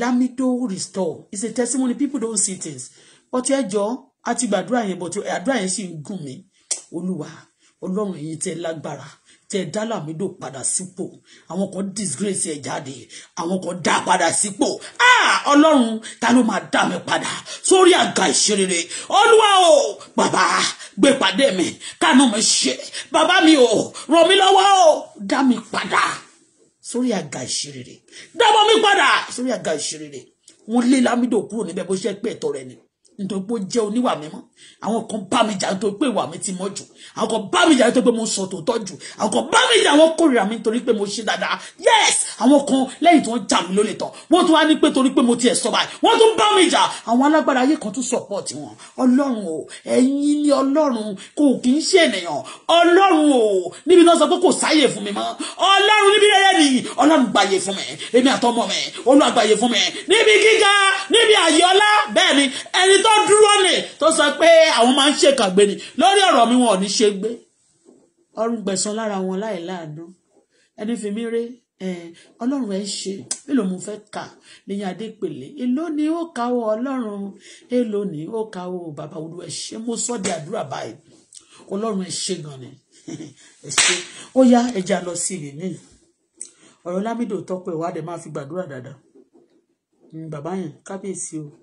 lamido restore is a testimony people don't see things ọtí ẹjọ́ àti gbàdúrà yẹn bọ̀ tí àdúrà yẹn sì ń gùn mí olúwa ọlọ́run yìí tẹ́ lágbára tẹ dá Lamido padà sípò àwọn kan disgrace ẹ jáde àwọn kan dá padà sípò ah! ọlọ́run ta ló máa dá mi padà sórí àga ìṣerere olúwa o bàbá gbé pàdé mi kánú mi ṣe bàbá mi o ràn mí lọ́wọ́ o dá mi padà sórí àga ìṣerere dábọ̀ mi padà sórí àga ìṣerere wọ́n lé Lamido kúrò níbẹ̀ bó ṣe pé ẹ̀tọ́ ni nítorí pé ó jẹ́ oníwà mímọ́ àwọn kan bá mi jà nítorí pé ìwà mi ti mọ́ jù àwọn kan bá mi jà nítorí pé mo sọ tòótọ́ jù àwọn kan bá mi jà wọ́n kórìíra mi nítorí pé mo ṣe dáadáa yes àwọn kan lẹ́yìn tí wọ́n jà mí lólè tán wọ́n tún wá ní pé torí pé mo tiẹ̀ sọ báyìí wọ́n tún bá mi jà àwọn alágbára ayé kan tún support wọn ọlọ́run o ẹ̀yin ni ọlọ́run kò kì í ṣe ènìyàn ọlọ́run o níbi náà sọ pé kò sáyè fún mi mọ́ ọlọ́run níbi rẹ̀ ni ọlọ́run gbàyè fún mi èmi àtọmọ mi olùwàgbàyè fún mi níbi gíga níbi àyè ọlá bẹ́ẹ̀ ni ẹni tó dúró nì tó sọ pé àwọn máa ń ṣèkàgbé ni lórí ọ̀rọ̀ mi wọn ò ní ṣe gbé ọrùn gbẹ̀san lára wọn láì láàánú ẹni fi mí ré ọlọ́run ẹ ṣe mélòó mo fẹ́ kà níyàn adépèlé èló ni ó kàwọ́ ọlọ́run èló ni ó kàwọ́ bàbá olúwa ẹ ṣe mo sọ́ di àdúrà báyìí ọlọ́run ẹ ṣe gan ni ẹ ṣe ó yá ẹja lọ sí ìlú mi ọ̀rọ̀ lámìdò tọ́pẹ́ wàá máa fi gbàdúrà dáadáa hmm, bàbá yẹn kábíyèsí o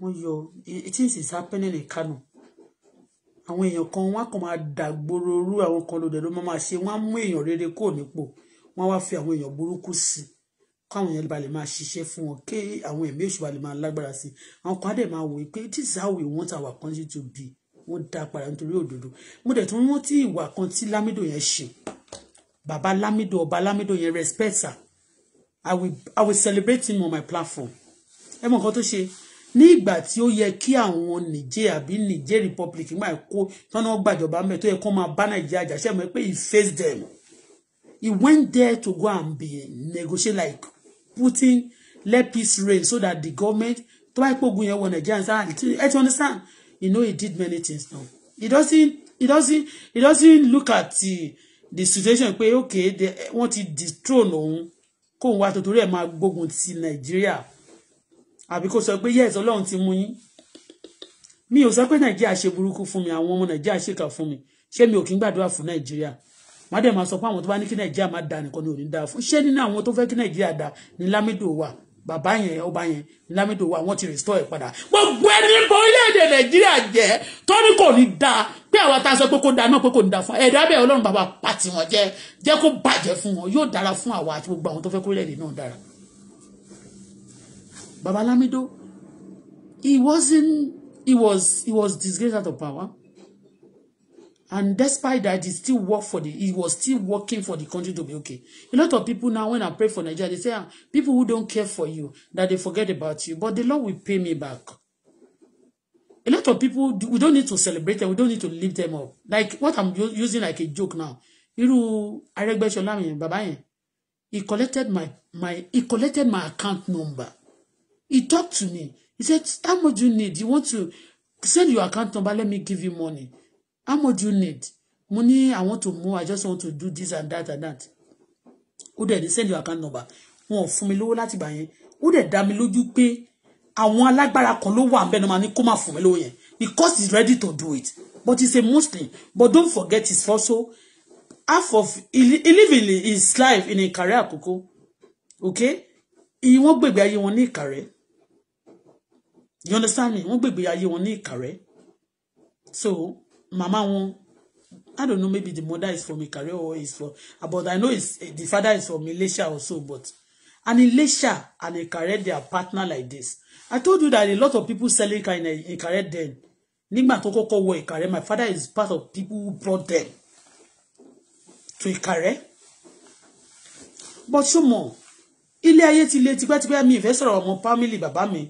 wọ́n yọ things is happening in Kano àwọn èèyàn kan wọ́n kàn máa dàgbòrò orú àwọn kan lòdẹ̀ ló máa ṣe wọ́n á mú èèyàn rere kó nípò wọ́n wá fi àwọn èèyàn burúkú sí káwọn èèyàn balẹ̀ máa ṣiṣẹ́ fún wọn kí àwọn ẹ̀mí èṣù balẹ̀ máa lágbára sí àwọn kan á dẹ̀ máa wòye pé this is how we want our country to be wọ́n dá padà nítorí òdodo mo dẹ̀ tún rántí ìwà kan tí Lamido yẹn ṣe bàbá Lamido ọba Lamido yẹn respect sir I will I will celebrate him on my platform ẹ mọ nǹkan tó ṣe ní ìgbà tí ó yẹ kí àwọn Niger àbí Niger Republic nígbà kó tọ́nà gbàjọba mẹ́ tó yẹ kó máa bá Nàìjíríà jà ṣe mọ̀ pé he faced them he went there to go and be negotiate like Putin let peace reign so that the government tó bá yẹ pé ogun yẹn wọ Nàìjíríà sáà ẹ ti understand you know he did many things now he doesn't he doesn't he doesn't look at the the situation pé okay wọ́n ti dethrone òun kóun wá tó torí ẹ̀ máa gbógun ti Nàìjíríà àbí kó sọ pé yes ọlọ́run ti mú yín mi ò sọ pé nàìjíríà ṣe burúkú fún mi àwọn ọmọ nàìjíríà ṣèkà fún mi ṣé mi ò kí ń gbàdúrà fún nàìjíríà wọ́n dẹ̀ máa sọ pé àwọn tó bá ní kí nàìjíríà má da nìkan ni ò ní da fún ṣé nínú àwọn tó fẹ́ kí nàìjíríà da ní lámìdò wà bàbá yẹn ọba yẹn ní lámìdò wà wọ́n ti restore ẹ̀ padà gbogbo ẹni bọ orílẹ̀-èdè nàìjíríà jẹ́ tọ́ni kò ní da pé àwa ta sọ pé kò da náà pé kò ní da fún ẹ̀dá bẹ́ẹ̀ ọlọ́run bàbá pàtì jẹ́ jẹ́ kó bàjẹ́ fún wọn yóò dára fún àwa àti gbogbo àwọn tó fẹ́ kó orílẹ̀-èdè náà dára Baba Lamido, he wasn't, he was, he was disgraced out of power. And despite that, he still worked for the, he was still working for the country to be okay. A lot of people now, when I pray for Nigeria, they say, ah, people who don't care for you, that they forget about you, but the Lord will pay me back. A lot of people, we don't need to celebrate them, we don't need to lift them up. Like what I'm using like a joke now. Irú Aregbesola yẹn, bàbá yẹn, he collected my, my, he collected my account number. He talked to me. He said, how much do you need? You want to send your account number, let me give you money. How much do you need? Money, I want to move, I just want to do this and that and that. Ó dẹ̀ send your account number. Wọn ò fún mi lówó láti gbà yẹn. Ó dẹ̀ dá mi lójú pé àwọn alágbára kan ló wà ń máa ní kó má fún mi lówó yẹn. Because he's ready to do it. But he's a Muslim. But don't forget he's also half of he, live in his life in a career Àkókò. Okay? Ìwọ́n gbègbè ayé wọn ní Ìkàrẹ́ you understand me wọ́n gbègbè ayé wọn ní ìkàrẹ́ so Mama, wọn I don't know maybe the mother is from Ikare or is from but I know it's, the father is from Ilesha also but and Ilesha and Ikare they are partner like this I told you that a lot of people selling car in Ikare then nígbà tó kọ́kọ́ wọ Ìkàrẹ́ my father is part of people who brought them to Ìkàrẹ́ but ṣó mọ̀ ilé ayé ti le tipẹ́tipẹ́ mi ìfẹ́ sọ̀rọ̀ ọmọ family bàbá mi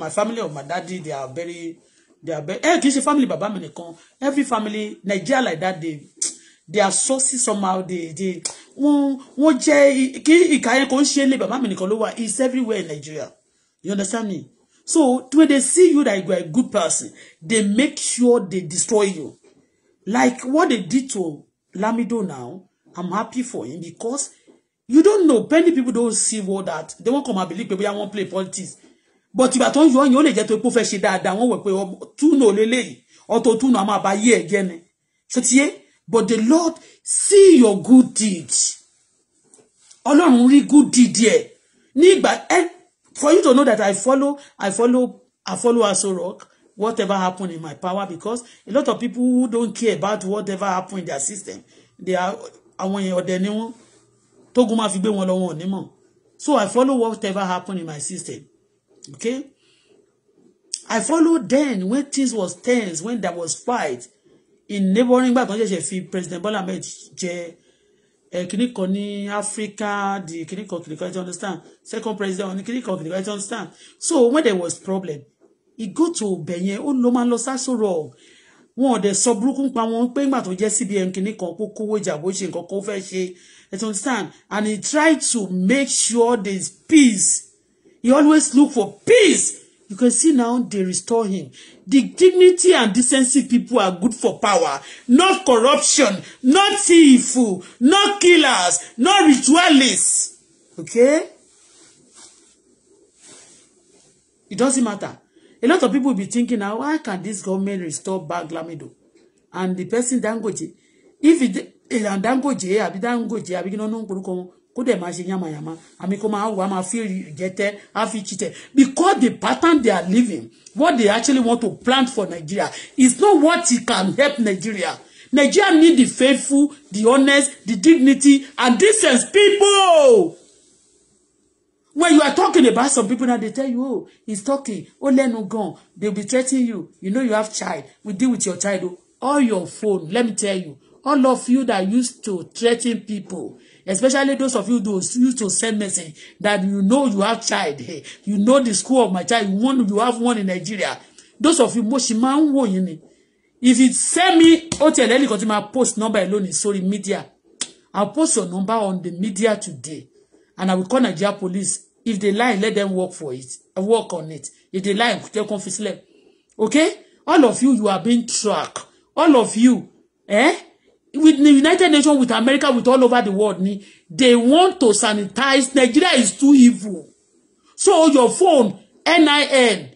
my family of my daddy they are very they are very ẹ kì í ṣe family bàbá mi nìkan every family Nigeria like that they they their sources somehow they they wọ́n wọ́n jẹ́ kí ìka yẹn kò ń ṣe ilé bàbá mi nìkan ló wà it's everywhere in Nigeria you understand me so when they see you that you are a good person they make sure they destroy you like what they did to Lamido now I'm happy for him because you don't know many people don't see what that they won't come and believe pé bóyá wọ́n play politics but ìgbà tó ń yọ ọyàn ó lè jẹ́ tó pé ó fẹ́ ṣe dáadáa wọ́n wẹ̀ pé túnú lélẹ́yìí ọ̀tọ̀ túnú a máa bá yé ẹ̀ jẹ́ ni ṣètìyé but the Lord see your good deeds Ọlọ́run rí good deed ẹ̀ ní ìgbà ẹ for you to know that I follow I follow I follow Aso Rock whatever happen in my power because a lot of people who don't care about whatever happen in their system they are àwọn èèyàn ọ̀dẹ̀ ni wọ́n tógun máa fi gbé wọn lọ wọn so I follow whatever happened in my system okay I follow then when things was tense when there was fight in neighboring gbàgbọ́n ṣẹ̀ṣẹ̀ fi President Bola Ahmed jẹ ẹ eh, kìíní kan ní Africa the kìíní kan kìíní kan you understand second president ọ̀ní kìíní kan kìíní kan you understand so when there was problem e go to bẹ̀yẹn ó ló máa ń lọ sáso rock wọn ò dẹ̀ sọ burúkú pa wọn pé ńgbà tó jẹ́ CBN kìíní kan kó kówó ìjà bó ṣe nǹkan kó fẹ́ ṣe You understand? And he tried to make sure there's peace. He always look for peace. You can see now they restore him. The dignity and decency people are good for power, not corruption, not thiefful, not killers, not ritualists. Okay? It doesn't matter. A lot of people be thinking now, why can this government restore Baglamido, And the person Dangote, if it èèyàn dáńgòjé àbí dáńgòjé àbí kí ló ń porúkọ wọn kó dẹ̀ máa ṣe yamayama àmì kó máa wà máa fi ìjẹtẹ́ á fi chitẹ́ because the pattern they are living what they actually want to plant for Nigeria is not what it can help Nigeria Nigeria need the faithful the honest the dignity and decent people when you are talking about some people now they tell you oh he's talking oh no go. they be threatening you you know you have child we deal with your child oh all your phone let me tell you all of you that used to threaten people especially those of you those used to send message that you know you have child hey, eh, you know the school of my child you want you have one in Nigeria those of you mo ṣì máa ń wò yín ni if you send me ó ti ẹ̀lẹ́nì kan tí máa post number alone in sórí media I post your number on the media today and I will call Nigeria police if they lie let them work for it work on it if they lie take confess them okay all of you you are being tracked all of you eh with the United Nations with America with all over the world ni they want to sanitize Nigeria is too evil so your phone NIN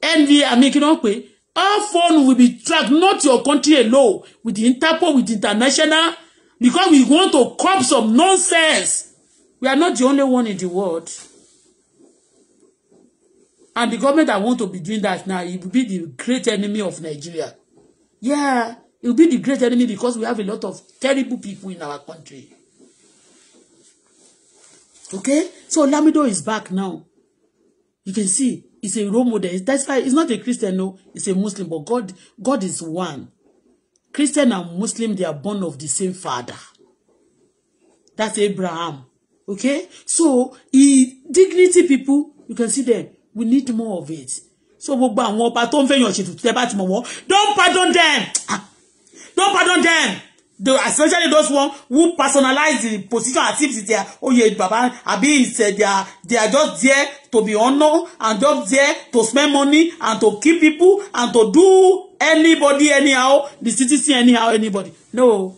NVA amikinan pe all phone will be tracked not your country alone with the Interpol with international because we want to curb some nonsense we are not the only one in the world and the government that want to be doing that now it will be the great enemy of Nigeria yeah It will be the great enemy because we have a lot of terrible people in our country. Okay? So Lamido is back now. You can see he's a role model. That's why he's not a Christian, no, he's a Muslim, but God, God is one. Christian and Muslim, they are born of the same father. That's Abraham. Okay? So he dignity people, you can see them. We need more of it. So gbogbo àwọn ọba don't pardon them. Ah. Don't pardon them. The, especially those one who personalize the position as if they are oh yeah baba abi is uh, they are just there to be honored and just there to spend money and to kill people and to do anybody anyhow the citizen anyhow anybody no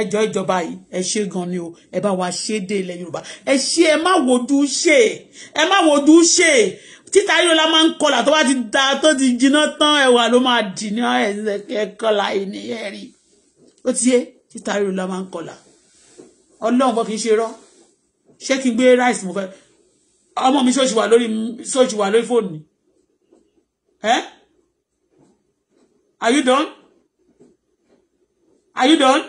ẹjọ ìjọba yìí ẹ ṣe gan ni o ẹ bá wa ṣe dé ilẹ̀ Yorùbá ẹ ṣe ẹ má wojú ṣe ẹ má wojú ṣe títa yóò la máa ń kọlà tó bá ti da tó ti jiná tán ẹ̀wà ló máa dì ní ẹ̀sẹ̀ kọlà ìní ẹ̀rí ó ti yé títa yóò la máa ń kọlà ọlọ́run kan kì í ṣe rọ́ ṣé kí n gbé rice mo fẹ́ ọmọ mi ṣóòṣì wà lórí ṣóòṣì wà lórí fóònù ẹ́ are you done are you done.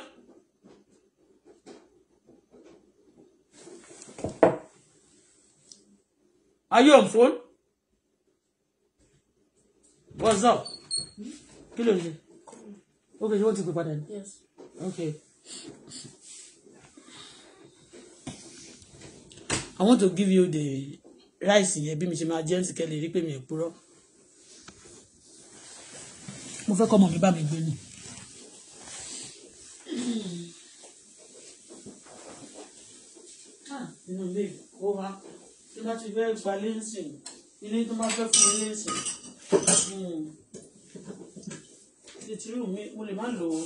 Are you on phone? what's up kí ló ń ṣe ok ṣé wọ́n ti pè padà ní. ok i want to give you the rice yẹn bí mi ṣe máa jẹ́ ní sikẹ́lẹ̀ rí pé mi ò purọ́ mo fẹ́ kọ́ ọmọ mi bá mi gbé ni. Ah, inú ilé ìkó wa tí wọ́n ti fẹ́ gbalé ń sìn ilé tó bá fẹ́ fún ilé ń sìn titiru hmm. mi mo lè má lò ó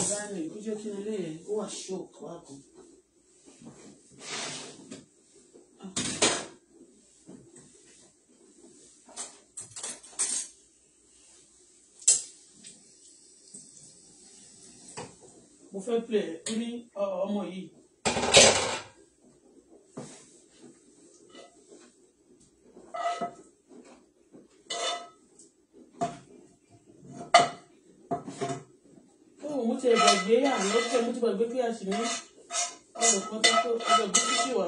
ìdáni ó jẹ́ kí n lè ó wà ṣóòkù àgùn. mo fẹ́ pè é ní ọmọ yìí. àná tí mo ti gbàgbé pé àṣìlẹ́ ọ̀rọ̀ kan tó tó ọjọ́ ìbí ṣì wà.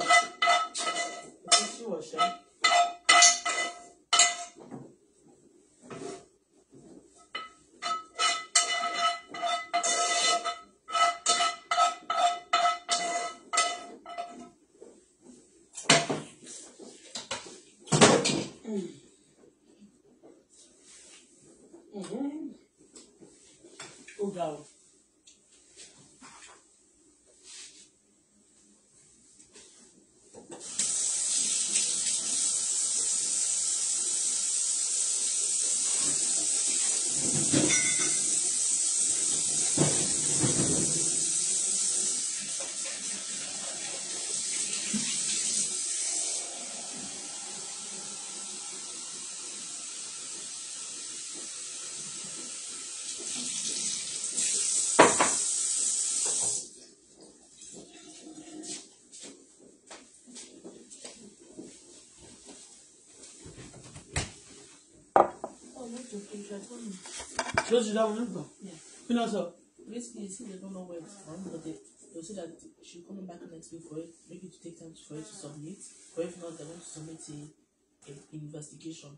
Close just that remember? Yeah. You know, so. Basically, you see, they don't know where it's from, but they, they'll say that she's coming back next week for it, maybe to take time for it to submit, or if not, they're going to submit a, a investigation.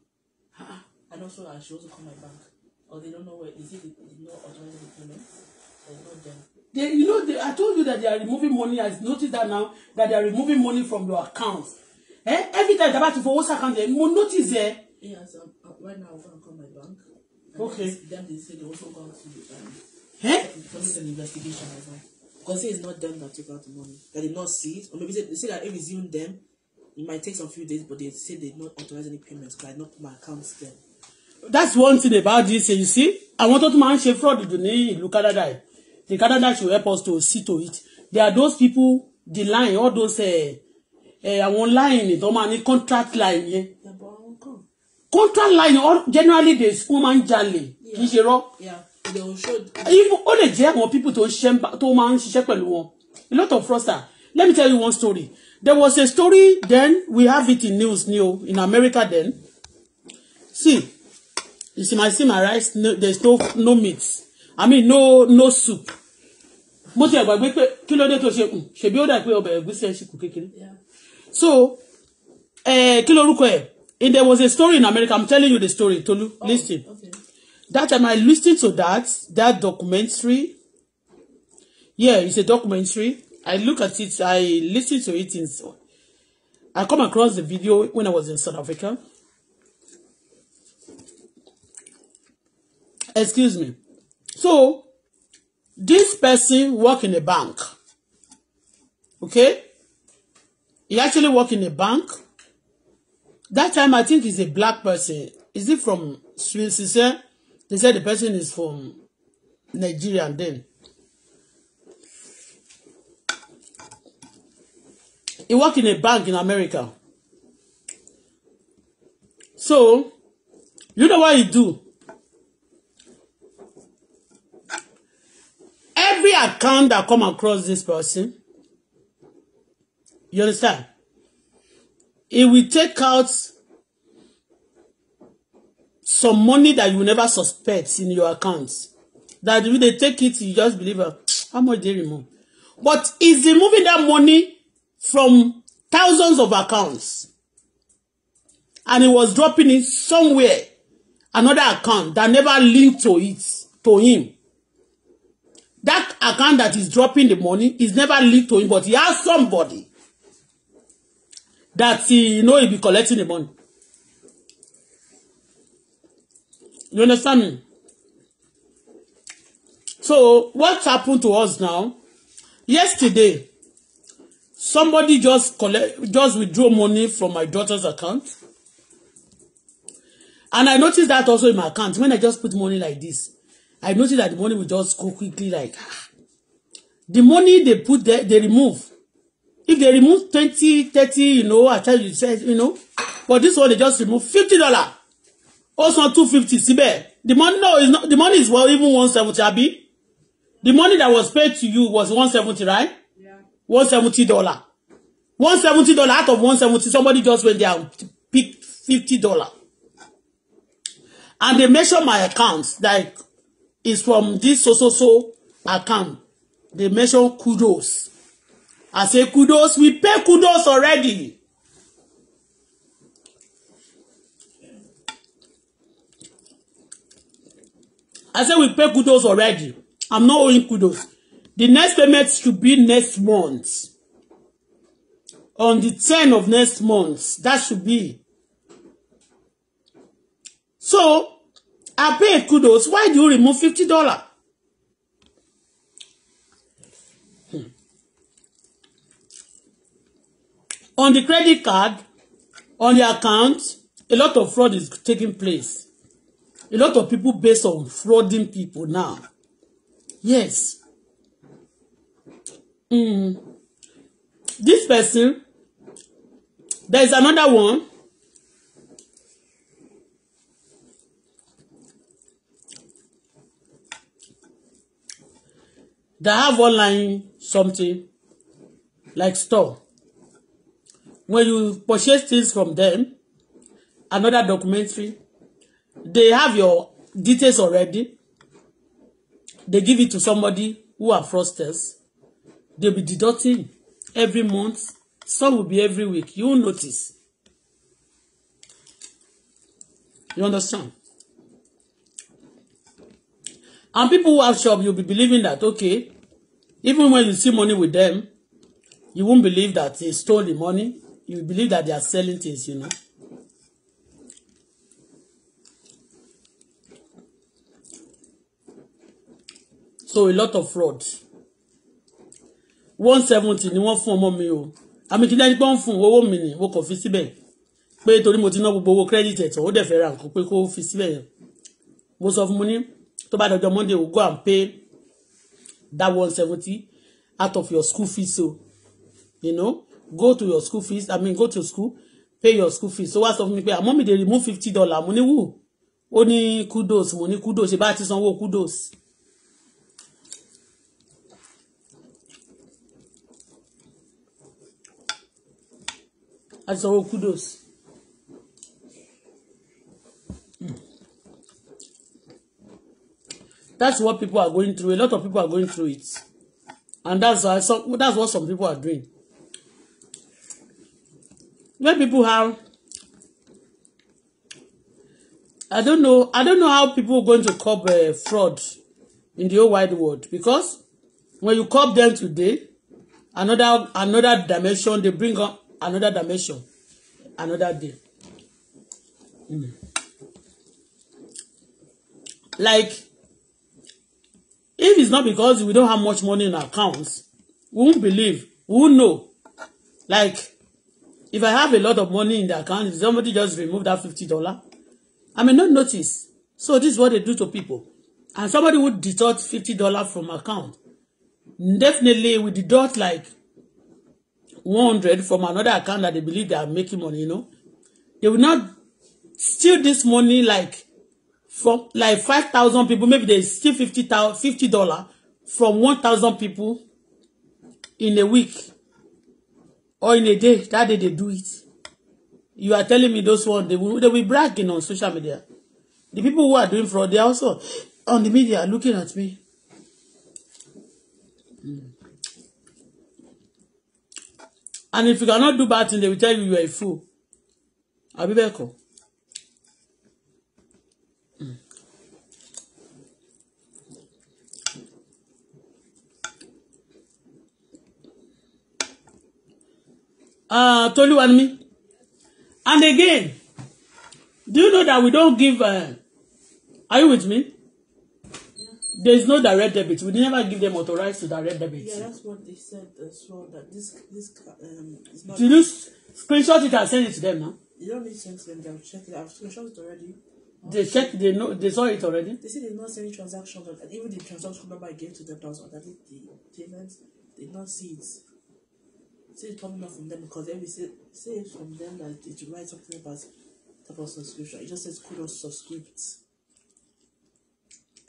Ah, and also, uh, she also called my bank, or they don't know where, is it. they, they know automatic payment, they know them. They, you know, they, I told you that they are removing money. I noticed that now that they are removing money from your account. Eh? Every time they're about to forward account, they notice there. Eh? Yes, um, uh, right now I'm going to call my Okay. Then they say they also got to the um, eh? police an investigation as well. Because say it's not them that took out the money. They did not see it. Or maybe they say that if it's even them, it might take some few days, but they say they did not authorize any payments because I not put my accounts there. That's one thing about this. Eh, you see, I tó to máa ń ṣe fraud dùn ní ìlú The Canada should help us to see to it. There are those people, the line, all those, uh, uh, àwọn line, tó contract line Yeah contract line generally they school máa ń jalè kì í ṣe rọ ó lè jẹ́ àwọn people tó máa ń ṣiṣẹ́ pẹ̀lú wọn a lot of fraudster let me tell you one story there was a story then we have it in news new in America then see you see my see my rice no there's no no meat I mean no no soup mo ti ẹ̀gbàgbé pé kí ló dé tó ṣe ṣèbí ó dà pé ọbẹ̀ ẹ̀gúsí ẹ̀ ṣì kù kékeré so eh, kí lorúkọ ẹ̀ And there was a story in America. I'm telling you the story, Tolu. Oh, listen. Okay. That time I listened to that, that documentary. Yeah, it's a documentary. I look at it, I listen to it in I come across the video when I was in South Africa. Excuse me. So, this person work in a bank. Okay? He actually work in a bank. That time I think it's a black person. Is it from Switzerland? They said the person is from Nigeria And then. He worked in a bank in America. So, you know what he do? Every account that come across this person, you understand? It will take out some money that you never suspect in your account. That if they take it, you just believe, ah, how much they remove? But it's removing that money from thousands of accounts. And it was dropping it somewhere, another account that never linked to it, to him. That account that is dropping the money is never linked to him, but he has somebody that he, know he be collecting the money. You understand me? So what happened to us now? Yesterday, somebody just collect just withdraw money from my daughter's account. And I noticed that also in my account. When I just put money like this, I noticed that the money will just go quickly like ah. The money they put there, they remove if they remove twenty thirty you know i charge you say you know but this one they just remove fifty dollar also two fifty síbẹ̀ the money no is not the money is well even one seventy abi the money that was paid to you was one seventy right Yeah. one seventy dollar one seventy dollar out of one seventy somebody just went there and picked fifty dollar and they measure my account like it's from this so so so account they measure kudos I say kudos. We pay kudos already. I say we pay kudos already. I'm not owing kudos. The next payment should be next month. On the 10th of next month. That should be. So, I pay kudos. Why do you remove fifty $50? On the credit card, on the account, a lot of fraud is taking place. A lot of people based on frauding people now. Yes. Mm. This person, there is another one. They have online something like store when you purchase things from them another documentary they have your details already they give it to somebody who are fraudsters they'll be deducting every month some will be every week you won't notice you understand and people who have shop you'll be believing that okay even when you see money with them you won't believe that they stole the money you believe that they are selling things, you know. So a lot of fraud. one seventy ni wọ́n fún ọmọ mi o àmì kí dájú pé wọ́n fún owó mi ni mo kàn fi síbẹ̀ pé torí mo ti ná gbogbo owó credit ẹ̀tọ́ ó dẹ̀ fẹ́ ra nǹkan pé kó fi síbẹ̀ yẹn mo sọ fún mo ní tó bá dọjọ́ Monday we go and pay that one seventy out of your school fees o you know go to your school fees i mean go to school pay your school fees so wá sọ fún mi pé àmọ́ mi dey remove fifty dollar mo ní wù ó ní kudos mo ní kudos ṣe bá ti sanwó kudos. a sanwó kudos. That's what people are going through a lot of people are going through it and that's why some that's what some people are doing when people have I don't know I don't know how people going to curb uh, fraud in the whole wide world because when you curb them today another another dimension they bring up another dimension another day mm. like if it's not because we don't have much money in our accounts we won't believe we won't know like If I have a lot of money in the account, somebody just remove that fifty dollar. I may not notice. So this is what they do to people. And somebody would deduct fifty dollar from account. Definitely we deduct like one hundred from another account that they believe they are making money. You know, they will not steal this money like from like five thousand people. Maybe they steal fifty dollar from one thousand people in a week or in a day that day they do it you are telling me those one they will they will bragging on social media the people who are doing fraud they are also on the media looking at me hmm. and if you cannot do bad thing they will tell you you are a fool àbí bẹ́ẹ̀ kọ́ uh, Tolu and me. And again, do you know that we don't give? Uh, are you with me? There is no direct debit. We never give them authorized to direct debit. Yeah, that's what they said as well. That this this um. not Did you screenshot it and send it to them now? You don't need to send to them. They'll check it. I've screenshot it already. They checked, they know, they saw it already. They said they did not see any transactions, and even the transaction number I gave to them that was underneath the payment, they did not see it. Say coming up from them because every say, say from them that did you write something about type of subscription. It just says kudos subscript.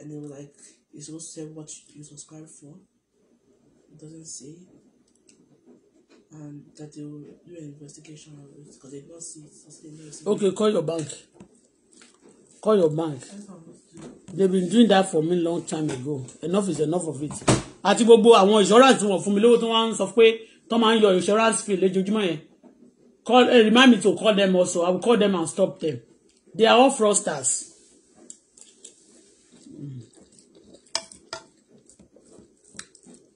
And they were like, it's supposed to say what you subscribe for. It doesn't say. And that they will do an investigation on it because they don't see it. Okay, call your bank. Call your bank. They've been doing that for me long time ago. Enough is enough of it. Àti gbogbo àwọn insurance wọn fún mi lówó tí wọ́n ń sọ pé tó máa ń yọ insurance bill lójoojúmọ́ yẹn call eh, remind me to call them also I will call them and stop them they are all fraudsters. Hmm.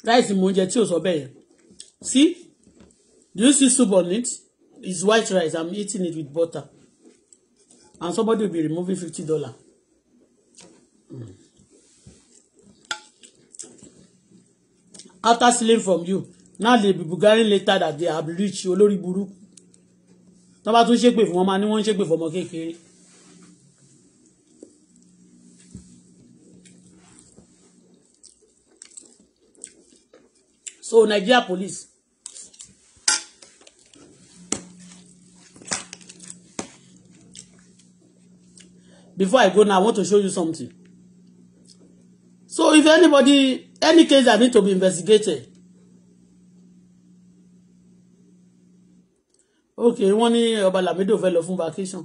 rice mo ń jẹ tí o sọ bẹ́ẹ̀ yẹn see do you see soup on it it's white rice I'm eating it with butter and somebody will be removing fifty dollar. Mm. After stealing from you now they be bugarin later that they have reached olórí burúkú tó bá tún ṣépè fún wọn máa ní wọ́n ń ṣépè fún ọmọ kékeré. so Nigeria police before I go now I want to show you something so if anybody any case that need to be investigated ok wọ́n ní ọba lamido fẹ́ lọ fún vacation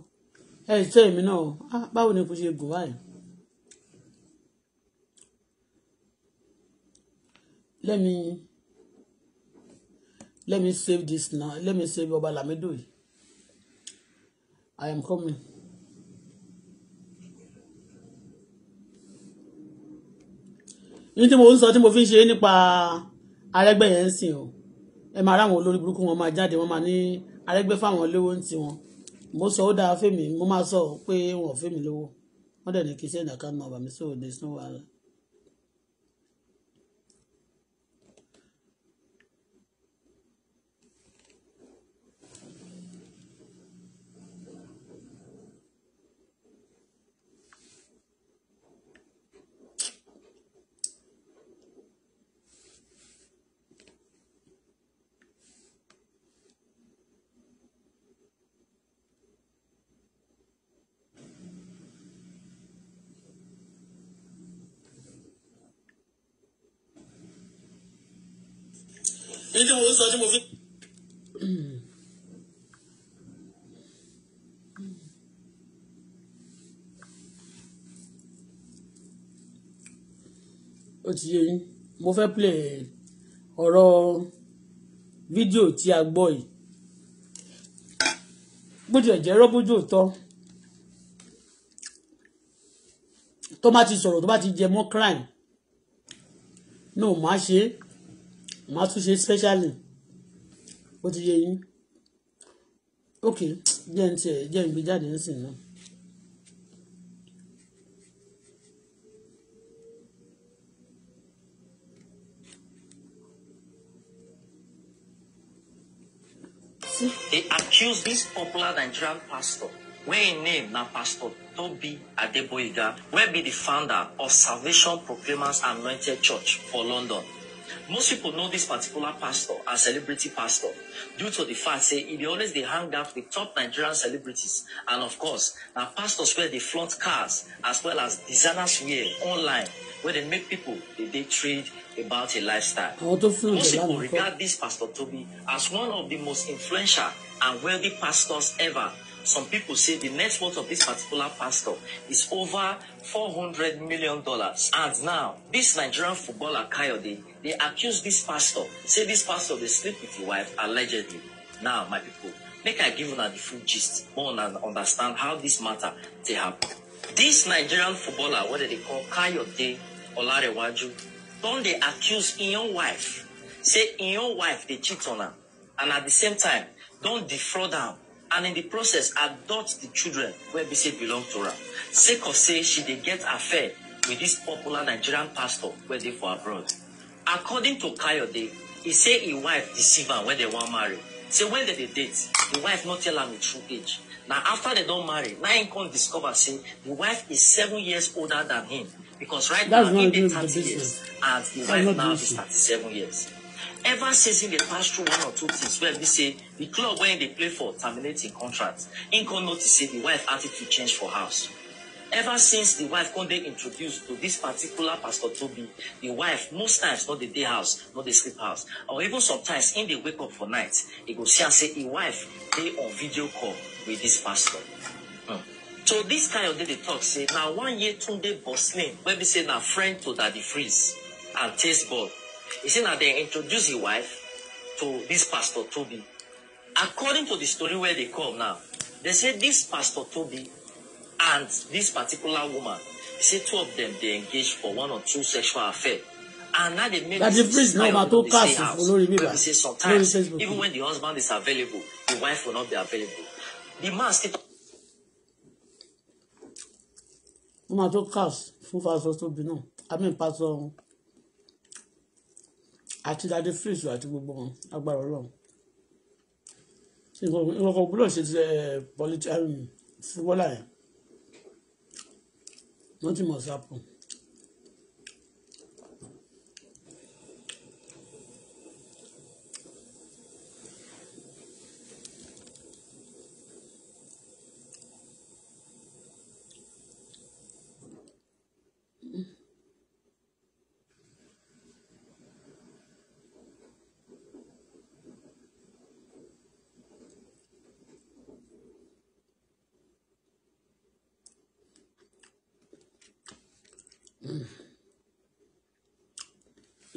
ẹ tẹ́ èmi náà ah, báwo ni kò ṣe gùn báyìí. let me let me save this now let me save ọba lamido yìí i am coming. ní tí mo ń sọ tí mo fi ń ṣe nípa arẹ́gbẹ́yẹn ń sìn o ẹ máa ráwọn olórí burúkú wọn máa jáde wọn máa ní. Ni arẹgbẹ fáwọn olówó ń tiwọn mo sọ ó dáa fèmí mo máa sọ pé wọn ò fèmí lówó wọn dẹ̀ ní kí sẹ́yìn àkáńtì bàmí sọ ò dé wàhálà. tí mo sọ tí mo ti yé mo fẹ́ play ọ̀rọ̀ fídíò tí a gbọ́ yìí bó tilẹ̀ jẹ́ rọ́bójú òótọ́ tó bá ti sọ̀rọ̀ tó bá ti jẹ mọ́ crime náà má ṣe é màá tún ṣe specially bó ti yẹ yín ok jẹ́ n tiẹ̀ jẹ́ n gbé jáde nísìn náà. They accuse this popular Nigerian pastor wey im name na pastor Toby adeboyiga will be the founder of salvation proclaimers anointed church for london Most people know this particular pastor as celebrity pastor due to the fact say he always they hang out with top Nigerian celebrities. And of course, now pastors where they flaunt cars as well as designers wear online where they make people they, they trade about a lifestyle. Most people regard this Pastor Toby as one of the most influential and wealthy pastors ever some people say the net worth of this particular pastor is over $400 million. And now, this Nigerian footballer, Coyote, they accuse this pastor, say this pastor, they sleep with your wife, allegedly. Now, my people, make I give you the full gist, more understand how this matter they happen. This Nigerian footballer, what they call Coyote Olarewaju, don't they accuse in your wife, say in your wife, they cheat on her. And at the same time, don't defraud her and in the process adopt the children wey be say belong to am sake of say she dey get affair with this popular nigerian pastor wey dey for abroad according to kayode e say im wife deceive am wen dem wan marry say when dem dey date the wife no tell am the true age na after dem don marry na im come discover say the wife is seven years older than him because right now im dey thirty years and the wife now be thirty-seven years ever season dey pass through one or two things wey be say the club wey dey play for terminate im contract im come notice say the wife attitude change for house ever since the wife come dey introduced to this particular pastor tobi the wife most times no dey dey house no dey sleep house or even sometimes im dey wake up for night he go see am say im wife dey on video call with this pastor. Hmm. so this kayode dey talk say na one year tunde boslin wey be say na friend to daddy freeze and taste bud He said, now they introduce his wife to this pastor Toby. According to the story where they come now, they say this pastor Toby and this particular woman, they say two of them they engaged for one or two sexual affair. And now they make that the priest now but to cast house, say sometimes even when the husband is available, the wife will not be available. The man still wọ́n máa tó cast fún pásọ Tóbi náà I mean pásọ àti dade fíìsù àti gbogbo wọn agbára Ọlọ́run nǹkan kan gbúdọ̀ ṣe ti eh, pọlítẹ́rì eh, fúbọ́là yẹn nothing must happen.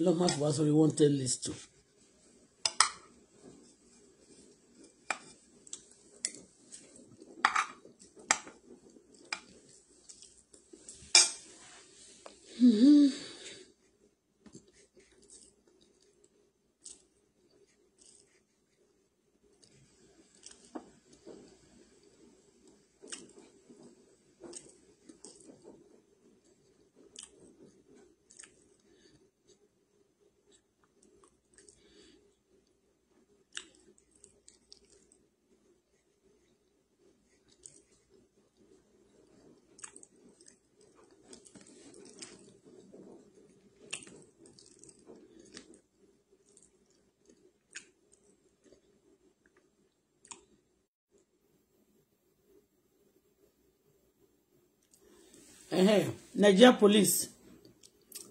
lọ́ọ́ má fi wá sórí one ten list Mm-hmm. uh, Nigeria Police,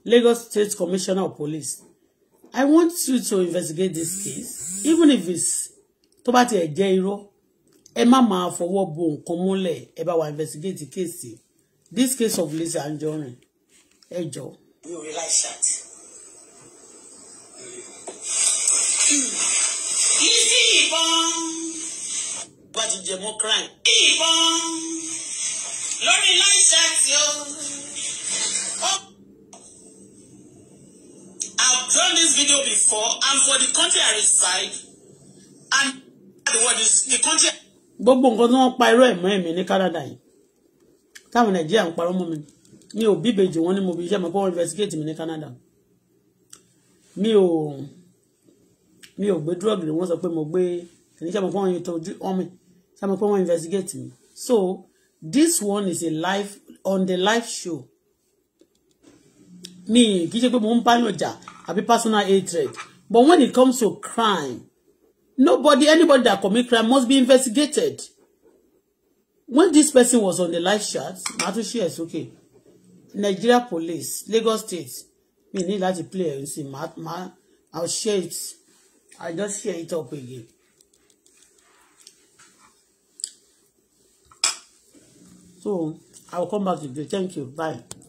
Lagos State Commissioner of Police. I want you to investigate this case, even if it's tó bá tiẹ̀ jẹ́ irọ́ ẹ má máa fọwọ́ bo nǹkan wa investigate the case this case of Lizzy and ẹ Ejo. you realize that. Easy, ìbọn. but ti jẹ mọ́ crime. ìbọn lórí láìsí àti ó. I've done this video before and for the country I reside and word is the country. Gbogbo nǹkan tí wọ́n pa irọ́ ẹ̀mọ́ ẹ̀mí ní Canada yìí táwọn Nàìjíríà ń parọ́ mọ́ mi mi ò bíbejì wọn ní mo bí iṣẹ́ mi kọ́ investigate mi ní Canada mi ò mi ò gbé drug lè wọ́n sọ pé mo gbé kìí ṣe mo pé wọ́n yóò tọ́jú ọmọ ṣe mo pé wọ́n investigate mi so this one is a live on the live show Me, kì í ṣe pé mo ń bá lòjà àbí personal hatred but when it comes to crime nobody anybody that commit crime must be investigated when this person was on the live chat màá tún ṣe ẹ̀ Nigeria police Lagos state Me, mi that láti play ẹ̀ ń sìn màá màá I'll share it I'll just share it up again. so i will come back again thank you bye.